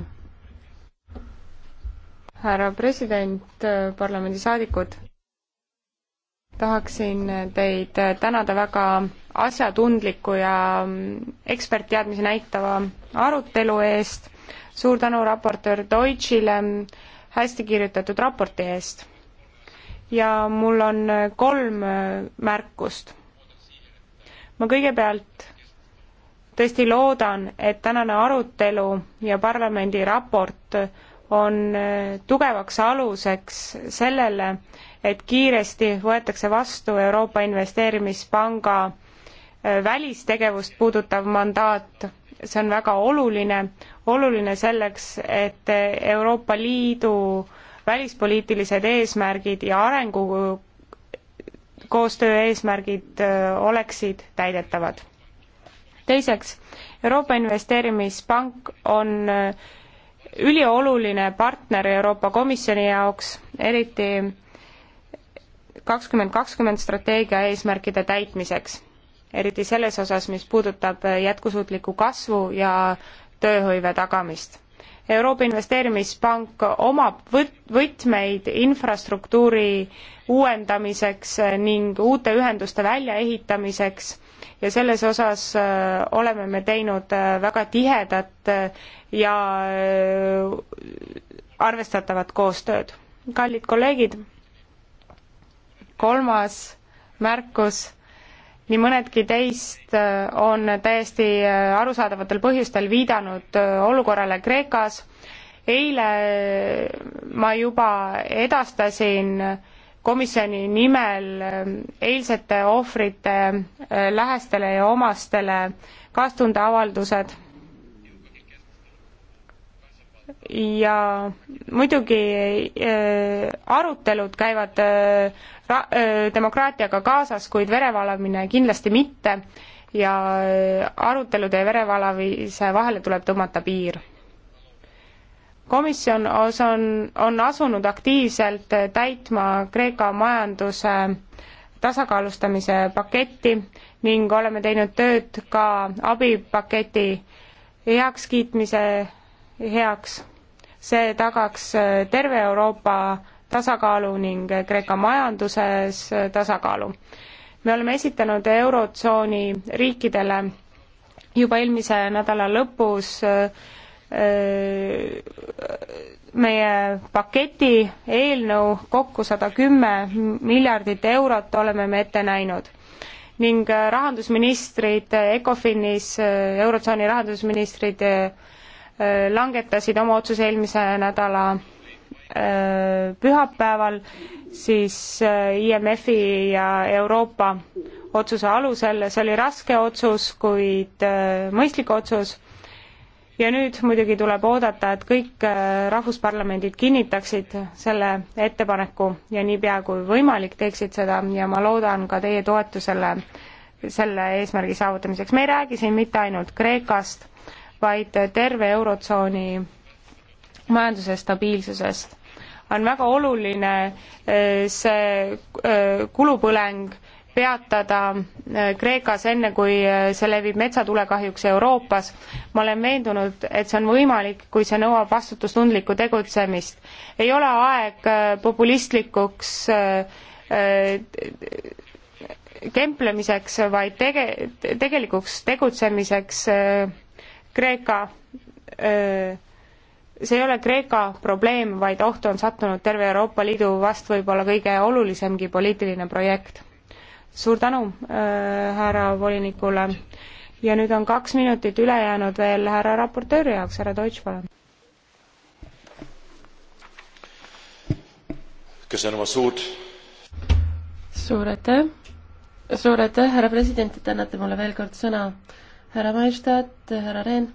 härra president, äh, parlamendisaadikud, tahaksin teid äh, tänada väga asjatundliku ja mm, ekspertteadmisi näitava arutelu eest, suur tänu raportöör Deutschile mm, hästi kirjutatud raporti eest. ja mul on äh, kolm märkust ma kõigepealt tõesti loodan, et tänane arutelu ja parlamendi raport on eh, tugevaks aluseks sellele, et kiiresti võetakse vastu Euroopa Investeerimispanga eh, välistegevust puudutav mandaat. see on väga oluline, oluline selleks, et Euroopa Liidu välispoliitilised eesmärgid ja arengu koostöö eesmärgid oleksid täidetavad. teiseks, Euroopa Investeerimispank on ülioluline partner Euroopa Komisjoni jaoks, eriti kakskümmend kakskümmend strateegia eesmärkide täitmiseks, eriti selles osas, mis puudutab jätkusuutlikku kasvu ja tööhõive tagamist Euroopa Investeerimispank omab võtmeid infrastruktuuri uuendamiseks ning uute ühenduste väljaehitamiseks ja selles osas äh, oleme me teinud äh, väga tihedat äh, ja arvestatavat koostööd. kallid kolleegid, kolmas märkus nii mõnedki teist äh, on täiesti äh, arusaadavatel põhjustel viidanud äh, olukorrale Kreekas. eile ma juba edastasin komisjoni nimel eilsete ohvrite lähestele ja omastele kaastundeavaldused ja muidugi äh, arutelud käivad äh, ra- äh,, demokraatiaga kaasas, kuid verevalamine kindlasti mitte ja äh, arutelude ja verevalamise vahele tuleb tõmmata piir. komisjon os- on, on asunud aktiivselt äh, täitma Kreeka majanduse tasakaalustamise paketti ning oleme teinud tööd ka abipaketi heakskiitmise heaks. see tagaks äh, terve Euroopa tasakaalu ning äh, Kreeka majanduses äh, tasakaalu. me oleme esitanud Eurotsooni riikidele juba eelmise nädala lõpus meie paketi eelnõu kokku sada kümme miljardit eurot oleme me ette näinud ning rahandusministrid ECOFINis, Eurotsooni rahandusministrid langetasid oma otsuse eelmise nädala äh, pühapäeval siis äh, IMF-i ja Euroopa otsuse alusel, see oli raske otsus, kuid äh, mõistlik otsus ja nüüd muidugi tuleb oodata, et kõik rahvusparlamendid kinnitaksid selle ettepaneku ja niipea kui võimalik, teeksid seda ja ma loodan ka teie toetusele selle eesmärgi saavutamiseks. me ei räägi siin mitte ainult Kreekast vaid terve Eurotsooni majanduse stabiilsusest. on väga oluline äh, see äh, kulupõleng peatada äh, Kreekas, enne kui see levib metsatulekahjuks Euroopas. ma olen veendunud, et see on võimalik, kui see nõuab vastutustundlikku tegutsemist. ei ole aeg populistlikuks kemplemiseks, vaid tege-, tegelikuks tegutsemiseks Kreeka, see ei ole Kreeka probleem, vaid ohtu on sattunud terve Euroopa Liidu vast võib-olla kõige olulisemgi poliitiline projekt. suur tänu härra volinikule ja nüüd on kaks minutit üle jäänud veel härra raportööri jaoks, härra Deutsch, palun. suur aitäh, suur aitäh, härra president, et annate mulle veel kord sõna härra Maestat, härra Rehn.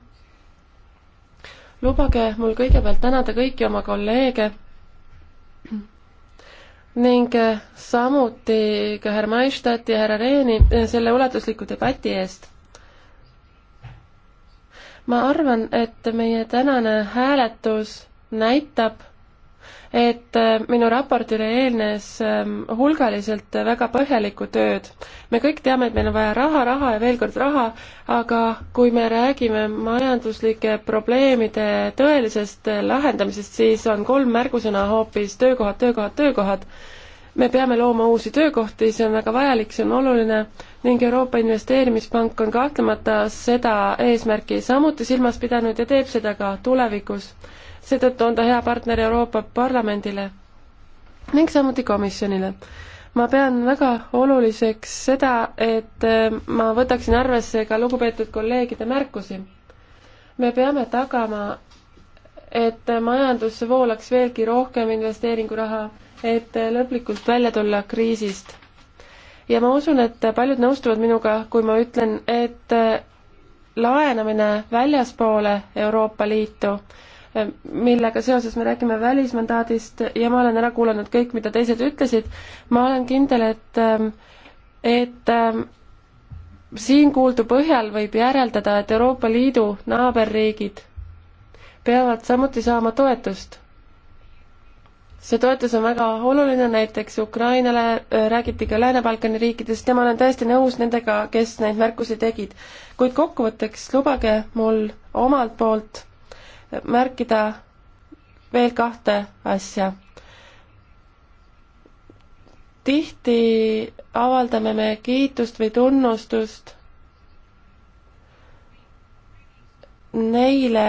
lubage mul kõigepealt tänada kõiki oma kolleege ning samuti ka härra Maestat ja härra Rehni selle ulatusliku debati eest. ma arvan, et meie tänane hääletus näitab et äh, minu raportile eelnes ähm, hulgaliselt väga põhjalikku tööd. me kõik teame, et meil on vaja raha, raha ja veel kord raha, aga kui me räägime majanduslike probleemide tõelisest äh, lahendamisest, siis on kolm märgusõna hoopis töökohad, töökohad, töökohad me peame looma uusi töökohti, see on väga vajalik, see on oluline ning Euroopa Investeerimispank on kahtlemata seda eesmärki samuti silmas pidanud ja teeb seda ka tulevikus seetõttu on ta hea partner Euroopa Parlamendile ning samuti komisjonile. ma pean väga oluliseks seda, et äh, ma võtaksin arvesse ka lugupeetud kolleegide märkusi. me peame tagama, et majandusse voolaks veelgi rohkem investeeringuraha, et lõplikult välja tulla kriisist ja ma usun, et paljud nõustuvad minuga, kui ma ütlen, et äh, laenamine väljaspoole Euroopa Liitu millega seoses me räägime välismandaadist ja ma olen ära kuulanud kõik, mida teised ütlesid. ma olen kindel, et, et siin kuuldu põhjal võib järeldada, et Euroopa Liidu naaberriigid peavad samuti saama toetust. see toetus on väga oluline, näiteks Ukrainale räägiti ka Lääne-Balkani riikidest ja ma olen täiesti nõus nendega, kes neid märkusi tegid. kuid kokkuvõtteks lubage mul omalt poolt märkida veel kahte asja. tihti avaldame me kiitust või tunnustust neile,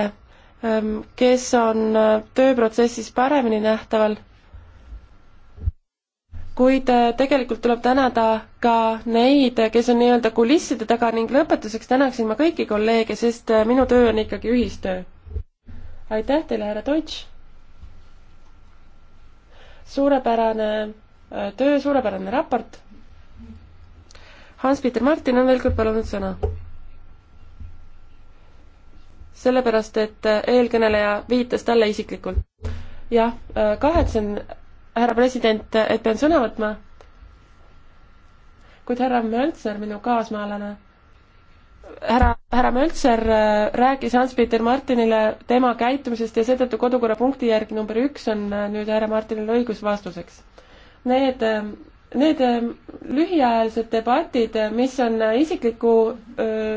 ähm, kes on äh, tööprotsessis paremini nähtaval, kuid äh, tegelikult tuleb tänada ka neid, kes on nii-öelda kulisside taga ning lõpetuseks tänaksin ma kõiki kolleege, sest äh, minu töö on ikkagi ühistöö aitäh teile, härra Deutsch! suurepärane äh, töö, suurepärane raport. Hans-Peter Martin on veel kord palunud sõna. sellepärast, et äh, eelkõneleja viitas talle isiklikult. jah, äh, kahetsen, härra president, et pean sõna võtma, kuid härra Möltser, minu kaasmaalane härra, härra Möltser äh, rääkis Hans-Peter Martinile tema käitumisest ja seetõttu kodukorrapunkti järgi number üks on äh, nüüd härra Martinil õigus vastuseks. Need, äh, need lühiajalised debatid, mis on isikliku,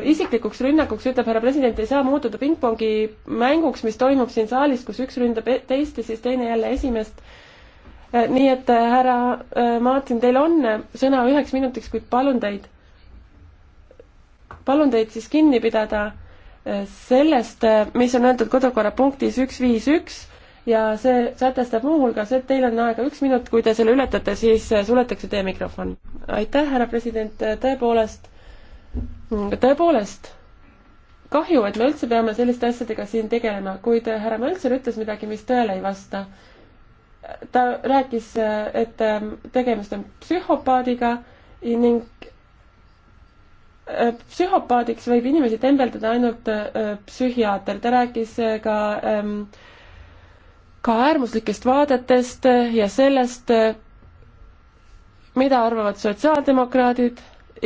isiklikuks rünnakuks, ütleb härra president, ei saa muutuda pingpongi mänguks, mis toimub siin saalis, kus üks ründab e-, teist ja siis teine jälle esimest. nii et härra Martin, teil on sõna üheks minutiks, kuid palun teid palun teid siis kinni pidada äh, sellest, äh, mis on öeldud kodukorra punktis üks, viis, üks ja see sätestab muuhulgas, et teil on aega üks minut, kui te selle ületate, siis äh, suletakse teie mikrofon. aitäh, härra president, tõepoolest, mm, tõepoolest, kahju, et me üldse peame selliste asjadega siin tegelema, kuid härra Möltser ütles midagi, mis tõele ei vasta. ta rääkis, et ähm, tegemist on psühhopaadiga ning Äh, psühhopaadiks võib inimesi tembeldada ainult äh, psühhiaater, ta rääkis äh, ka ähm, ka äärmuslikest vaadetest ja sellest, mida arvavad sotsiaaldemokraadid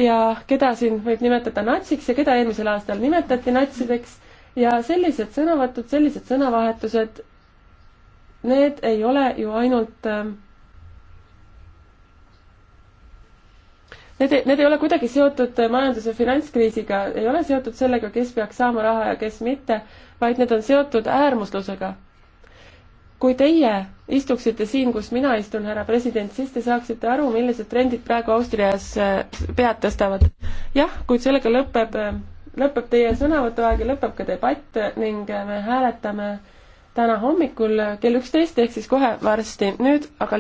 ja keda siin võib nimetada natsiks ja keda eelmisel aastal nimetati natsideks ja sellised sõnavõtud, sellised sõnavahetused, need ei ole ju ainult äh, Need, need ei ole kuidagi seotud äh, majandus- ja finantskriisiga, ei ole seotud sellega, kes peaks saama raha ja kes mitte, vaid need on seotud äärmuslusega. kui teie istuksite siin, kus mina istun, härra president, siis te saaksite aru, millised trendid praegu Austrias äh, pead tõstavad. jah, kuid sellega lõpeb, äh, lõpeb teie sõnavõtuaeg ja lõpeb ka debatt ning me hääletame täna hommikul kell üksteist ehk siis kohe varsti, nüüd aga